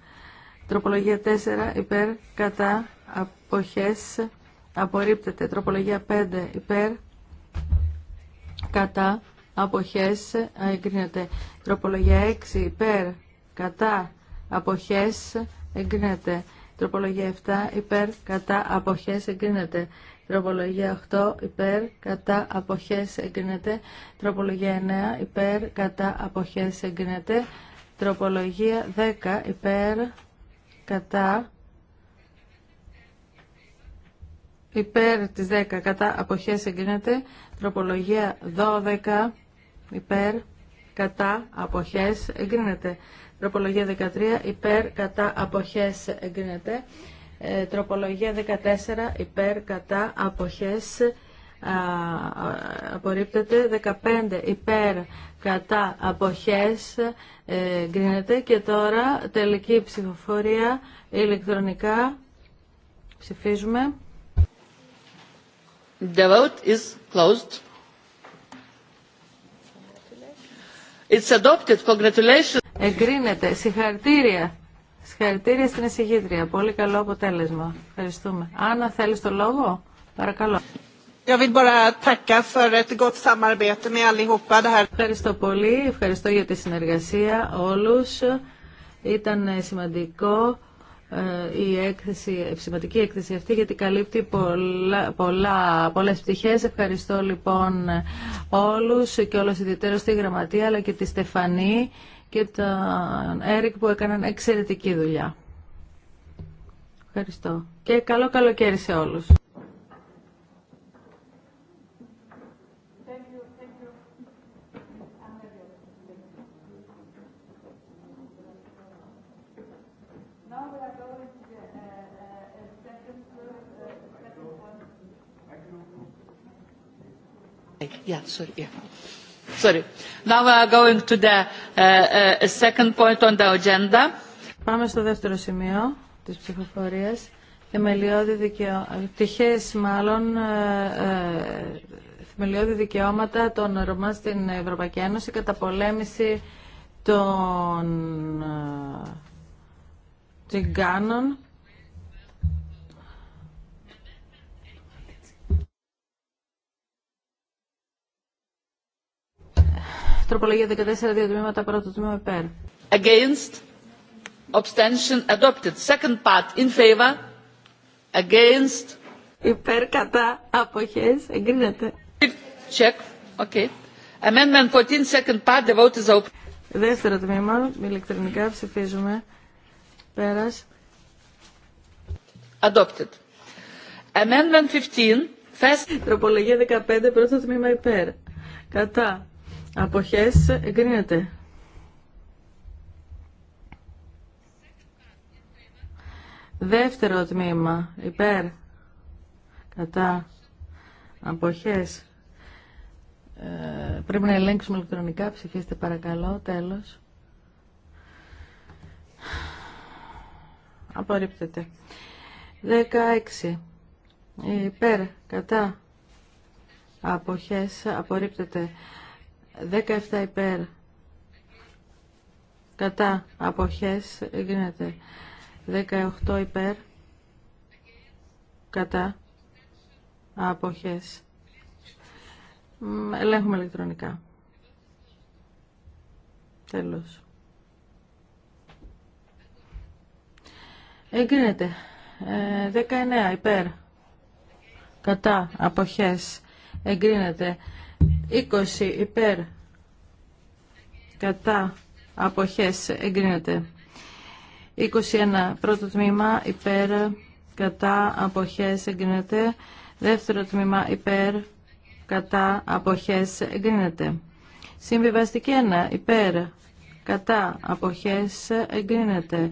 Τροπολογία 4 υπέρ κατά αποχές απορρίπτεται. Τροπολογία 5 υπέρ κατά αποχές εγκρίνεται. Τροπολογία 6 υπέρ κατά αποχές εγκρίνεται. Τροπολογία 7 υπέρ κατά αποχές εγκρίνεται. Τροπολογία 8 υπέρ κατά αποχές εγκρίνεται. Τροπολογία 9 υπέρ κατά αποχές εγκρίνεται. Τροπολογία 10 υπέρ κατά υπέρ της 10 κατά αποχές εγκρίνεται. Τροπολογία 12 υπέρ, κατά, αποχές, εγκρίνεται. Τροπολογία 13, υπέρ, κατά, αποχές, εγκρίνεται. Ε, τροπολογία 14, υπέρ, κατά, αποχές, α, απορρίπτεται. 15, υπέρ, κατά, αποχές, εγκρίνεται. Και τώρα τελική ψηφοφορία ηλεκτρονικά. Ψηφίζουμε. The vote is closed. It's adopted. Congratulations. Εγκρίνεται. Συγχαρητήρια. Συγχαρητήρια στην εισηγήτρια. Πολύ καλό αποτέλεσμα. Ευχαριστούμε. Άννα, θέλεις το λόγο. Παρακαλώ. Ευχαριστώ πολύ. Ευχαριστώ για τη συνεργασία όλους. Ήταν ε, σημαντικό ε, η έκθεση, η σημαντική έκθεση αυτή γιατί καλύπτει πολλά, πολλά, πολλές πτυχές. Ευχαριστώ λοιπόν όλους και όλος ιδιαίτερα στη Γραμματεία αλλά και τη Στεφανή και τον Έρικ που έκαναν εξαιρετική δουλειά. Ευχαριστώ και καλό καλοκαίρι σε όλους. Yeah, sorry. Yeah. Sorry. Now we are going to the uh, uh, second point on the agenda. Πάμε στο δεύτερο σημείο της ψηφοφορίας. Θεμελιώδη δικαιώματα, πτυχές μάλλον, ε, ε, θεμελιώδη δικαιώματα των Ρωμά στην Ευρωπαϊκή Ένωση κατά πολέμηση των ε, τσιγκάνων Τροπολογία 14, δύο τμήματα, πρώτο τμήμα υπέρ. Against. Abstention adopted. Second part in favor. Against. Υπέρ κατά αποχές. Εγκρίνεται. Check. Okay. Amendment 14, second part. The vote is open. Δεύτερο τμήμα. Ηλεκτρονικά ψηφίζουμε. Πέρας. Adopted. Amendment 15. First... Τροπολογία 15, πρώτο τμήμα υπέρ. Κατά. Αποχές εγκρίνεται. Δεύτερο τμήμα. Υπέρ. Κατά. Αποχές. Ε, πρέπει να ελέγξουμε ηλεκτρονικά. Ψηφίστε παρακαλώ. Τέλος. Απορρίπτεται. 16. Υπέρ. Κατά. Αποχές. Απορρίπτεται. 17 υπέρ κατά αποχές εγκρίνεται 18 υπέρ κατά αποχές ελέγχουμε ηλεκτρονικά τέλος εγκρίνεται 19 ε, υπέρ κατά αποχές εγκρίνεται 20 υπέρ κατά αποχές εγκρίνεται 21 πρώτο τμήμα υπέρ κατά αποχές εγκρίνεται δεύτερο τμήμα υπέρ κατά αποχές εγκρίνεται συμβιβαστική 1 υπέρ κατά αποχές εγκρίνεται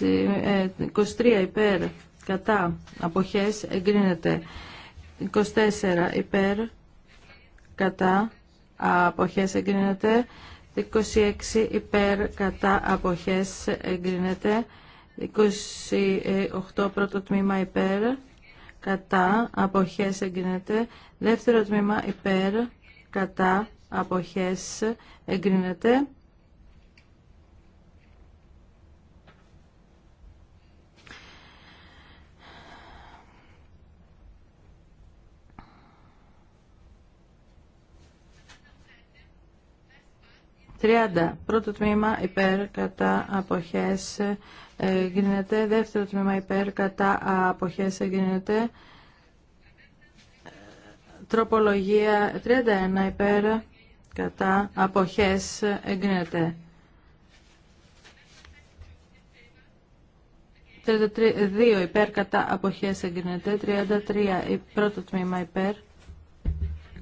23 ε, υπέρ κατά αποχές εγκρίνεται 24 υπέρ κατά αποχές εγκρίνεται 26 υπέρ κατά αποχές εγκρίνεται 28 πρώτο τμήμα υπέρ κατά αποχές εγκρίνεται δεύτερο τμήμα υπέρ κατά αποχές εγκρίνεται 30. Πρώτο τμήμα υπέρ κατά αποχές εγκρίνεται. Δεύτερο τμήμα υπέρ κατά αποχές εγκρίνεται. Τροπολογία 31 υπέρ κατά αποχές εγκρίνεται. 32 υπέρ κατά αποχές εγκρίνεται. 33 πρώτο τμήμα υπέρ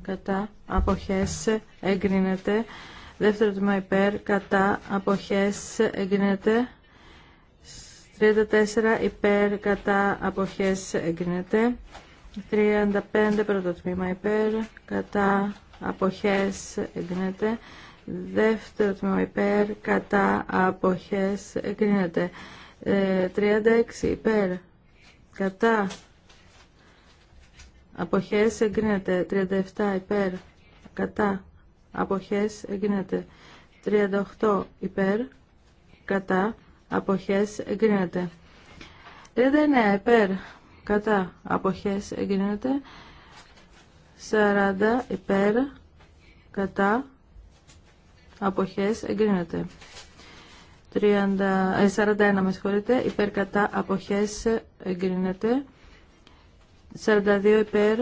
κατά αποχές εγκρίνεται. Δεύτερο τμήμα υπέρ, κατά, αποχές, εγκρίνεται. 34 υπέρ, κατά, αποχές, εγκρίνεται. 35 πρώτο τμήμα υπέρ, κατά, αποχές, εγκρίνεται. Δεύτερο τμήμα υπέρ, κατά, αποχές, εγκρίνεται. 36 ε, υπέρ, κατά, αποχές, εγκρίνεται. 37 υπέρ, κατά, αποχές εγκρίνεται. 38 υπέρ, κατά, αποχές εγκρίνεται. 39 υπέρ, κατά, αποχές εγκρίνεται. 40 υπέρ, κατά, αποχές εγκρίνεται. 30, 41 ε, με συγχωρείτε, υπέρ κατά αποχές εγκρίνεται. 42 υπέρ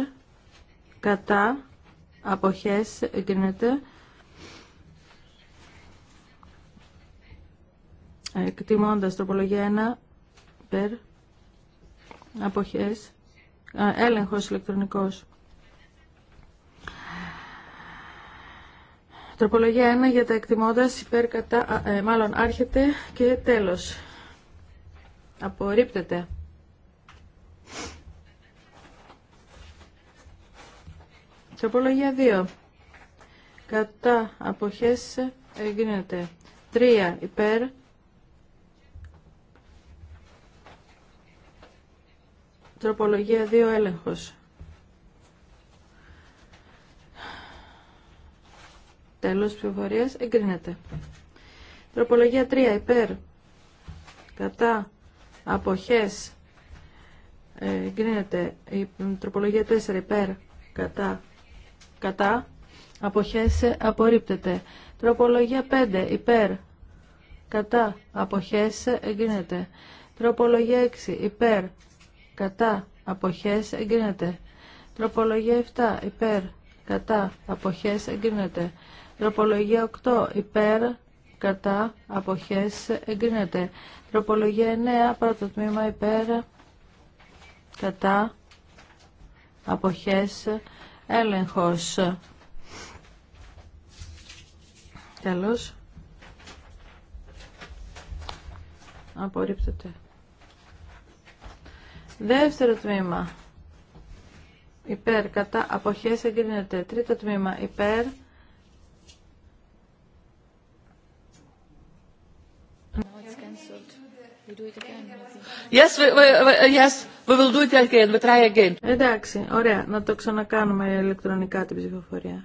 κατά αποχές εγκρίνεται. Εκτιμώντας τροπολογία 1 περ αποχές έλεγχος ηλεκτρονικός. Τροπολογία 1 για τα εκτιμώντας υπέρ κατά, ε, μάλλον άρχεται και τέλος. Απορρίπτεται. Τροπολογία 2. Κατά αποχές εγκρίνεται. 3 υπέρ. Τροπολογία 2 έλεγχος. Τέλος ψηφοφορίας εγκρίνεται. Τροπολογία 3 υπέρ. Κατά αποχές εγκρίνεται. τροπολογία 4 υπέρ. Κατά κατά, αποχέσαι, ε, απορρίπτεται. Τροπολογία 5 υπέρ, κατά, αποχέσαι, ε, εγκρίνεται. Τροπολογία 6 υπέρ, κατά, αποχέσαι, εγκρίνεται. Τροπολογία 7 υπέρ, κατά, αποχέσαι, εγκρίνεται. Τροπολογία 8 υπέρ, κατά, αποχέσαι, εγκρίνεται. Τροπολογία 9 πρώτο τμήμα υπέρ, κατά, αποχέσαι, έλεγχος. Τέλος. Απορρίπτεται. Δεύτερο τμήμα. Υπέρ, κατά, αποχές εγκρίνεται. Τρίτο τμήμα. Υπέρ. Yes, yes. We will do it again. We try again. Εντάξει, ωραία. Να το ξανακάνουμε ηλεκτρονικά την ψηφοφορία.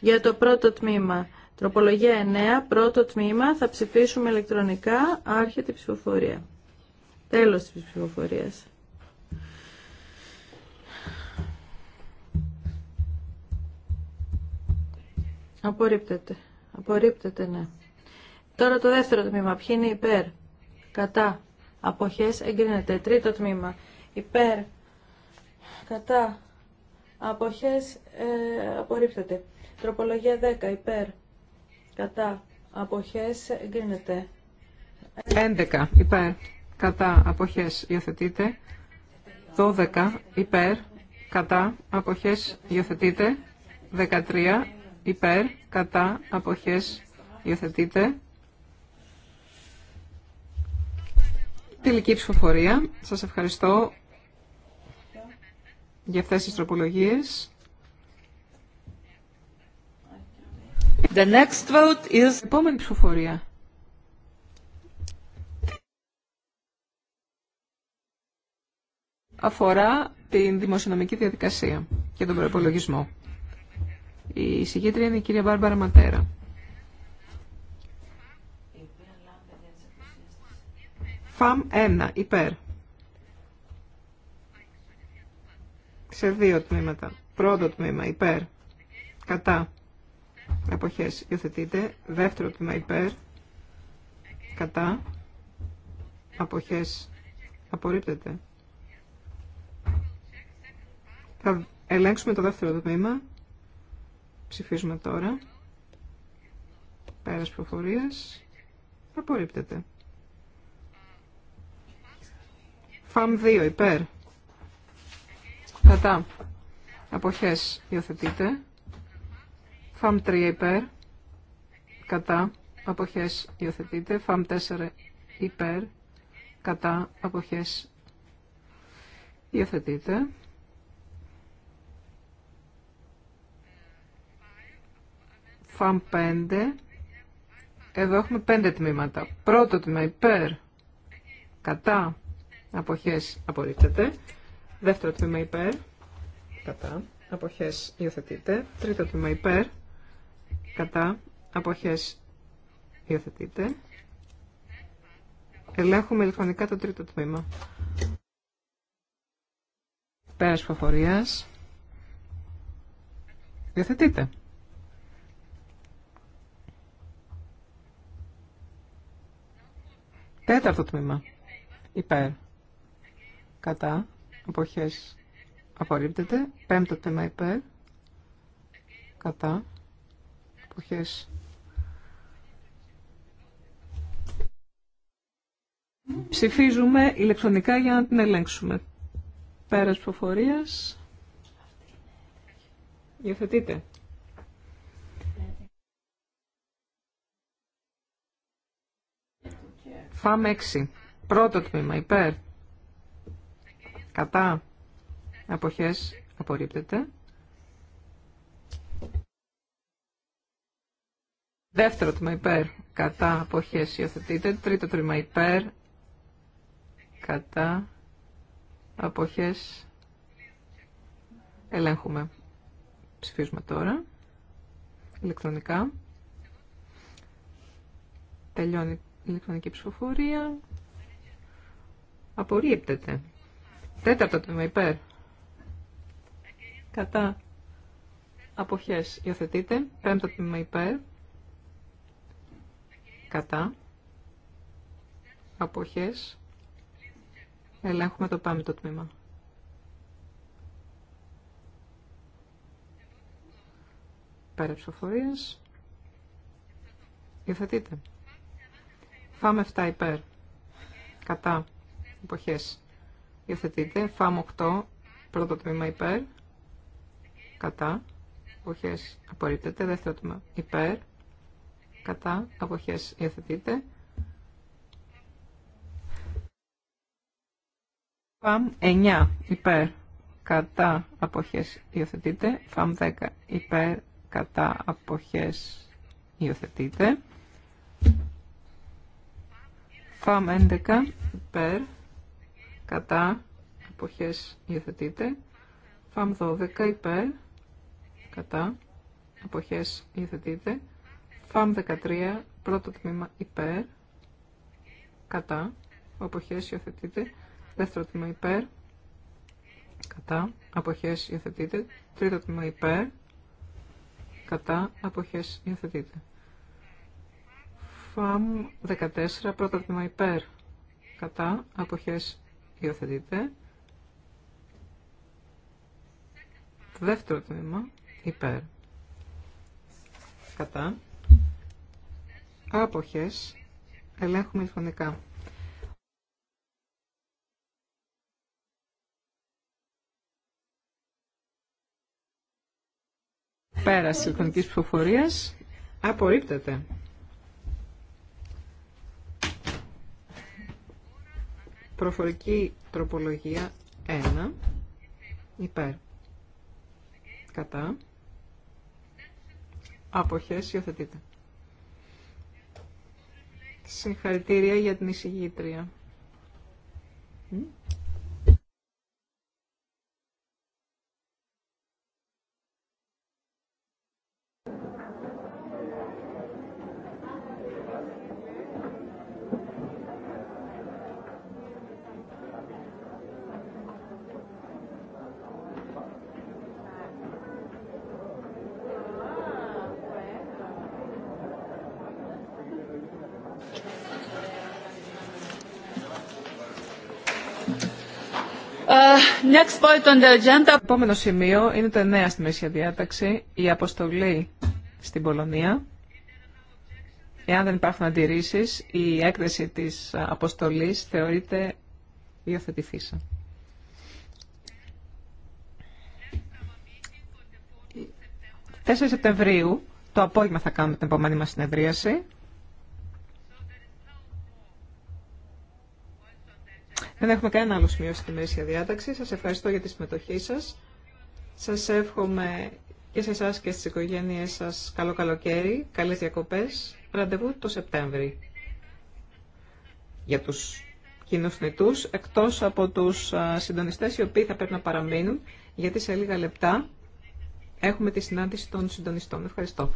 Για το πρώτο τμήμα. Τροπολογία 9, πρώτο τμήμα, θα ψηφίσουμε ηλεκτρονικά, άρχεται η ψηφοφορία. Τέλος της ψηφοφορίας. Απορρίπτεται. Απορρίπτεται, ναι. Τώρα το δεύτερο τμήμα. Ποιοι είναι υπέρ. Κατά αποχές εγκρίνεται. Τρίτο τμήμα υπέρ κατά αποχές ε, απορρίπτεται. Τροπολογία 10 υπέρ κατά αποχές εγκρίνεται. 11 υπέρ κατά αποχές υιοθετείται. 12 υπέρ κατά αποχές υιοθετείται. 13 υπέρ κατά αποχές υιοθετείται. Τελική ψηφοφορία. Σας ευχαριστώ για αυτές τις τροπολογίες. Η Επόμενη ψηφοφορία. Αφορά την δημοσιονομική διαδικασία και τον προπολογισμό. Η συγκέντρια είναι η κυρία Μπάρμπαρα Ματέρα. Φαμ 1 υπέρ. Σε δύο τμήματα. Πρώτο τμήμα υπέρ. Κατά. Αποχές υιοθετείτε. Δεύτερο τμήμα υπέρ. Κατά. Αποχές απορρίπτεται. Θα ελέγξουμε το δεύτερο τμήμα. Ψηφίζουμε τώρα. Πέρας προφορίας. Απορρίπτεται. ΦΑΜ 2 υπέρ. Κατά. Αποχές υιοθετείτε. ΦΑΜ 3 υπέρ. Κατά. Αποχές υιοθετείτε. ΦΑΜ 4 υπέρ. Κατά. Αποχές υιοθετείτε. ΦΑΜ 5. Εδώ έχουμε 5 τμήματα. Πρώτο τμήμα υπέρ. Κατά. Αποχές απορρίπτεται. Δεύτερο τμήμα υπέρ. Κατά. Αποχές υιοθετείται. Τρίτο τμήμα υπέρ. Κατά. Αποχές υιοθετείται. Ελέγχουμε ηλεκτρονικά το τρίτο τμήμα. Πέρας φοφορίας. Υιοθετείται. Τέταρτο τμήμα. Υπέρ κατά, εποχές απορρίπτεται. Πέμπτο τμήμα υπέρ, κατά, εποχές Ψηφίζουμε ηλεκτρονικά για να την ελέγξουμε. Πέρας προφορίας. Υιοθετείτε. Φάμε 6. Πρώτο τμήμα υπέρ κατά αποχές απορρίπτεται. Δεύτερο τμήμα υπέρ, κατά αποχές υιοθετείται. Τρίτο τμήμα υπέρ, κατά αποχές ελέγχουμε. Ψηφίζουμε τώρα, ηλεκτρονικά. Τελειώνει η ηλεκτρονική ψηφοφορία. Απορρίπτεται. Τέταρτο τμήμα υπέρ. Κατά. Αποχές υιοθετείτε. Πέμπτο τμήμα υπέρ. Κατά. Αποχές. Ελέγχουμε το πέμπτο τμήμα. Πέρα ψηφοφορίας. Υιοθετείτε. Φάμε 7 υπέρ. Κατά. αποχές Υιοθετείτε. ΦΑΜ 8. Πρώτο τμήμα υπέρ. Κατά. Αποχές απορρίπτεται. Δεύτερο τμήμα υπέρ. Κατά. Αποχές υιοθετείτε. ΦΑΜ 9. Υπέρ. Κατά. Αποχές υιοθετείτε. ΦΑΜ 10. Υπέρ. Κατά. Αποχές υιοθετείτε. ΦΑΜ 11. Υπέρ κατά εποχές υιοθετείτε, ΦΑΜ 12 υπέρ κατά εποχές υιοθετείτε, ΦΑΜ 13 πρώτο τμήμα υπέρ κατά εποχές υιοθετείται. Δεύτερο τμήμα υπέρ κατά εποχές υιοθετείτε, Τρίτο τμήμα υπέρ κατά εποχές υιοθετείτε. ΦΑΜ 14 πρώτο τμήμα υπέρ κατά αποχές Υιοθετείτε. Το δεύτερο τμήμα. Υπέρ. Κατά. Άποχες. Ελέγχουμε ηλεκτρονικά. Πέραση ηλεκτρονικής ψηφοφορίας. Απορρίπτεται. Προφορική τροπολογία 1. Υπέρ. Κατά. Αποχές υιοθετείται. Συγχαρητήρια για την εισηγήτρια. next point on the agenda. Το επόμενο σημείο είναι το 9 στη Μέση Διάταξη, η αποστολή στην Πολωνία. Εάν δεν υπάρχουν αντιρρήσεις, η έκθεση της αποστολή θεωρείται υιοθετηθήσα. 4 Σεπτεμβρίου, το απόγευμα θα κάνουμε την επόμενη μας συνεδρίαση. Δεν έχουμε κανένα άλλο σημείο στην ημερήσια διάταξη. Σας ευχαριστώ για τη συμμετοχή σας. Σας εύχομαι και σε εσά και στις οικογένειές σας καλό καλοκαίρι, καλές διακοπές. Ραντεβού το Σεπτέμβρη για τους κοινούς νητούς, εκτός από τους συντονιστές οι οποίοι θα πρέπει να παραμείνουν, γιατί σε λίγα λεπτά έχουμε τη συνάντηση των συντονιστών. Ευχαριστώ.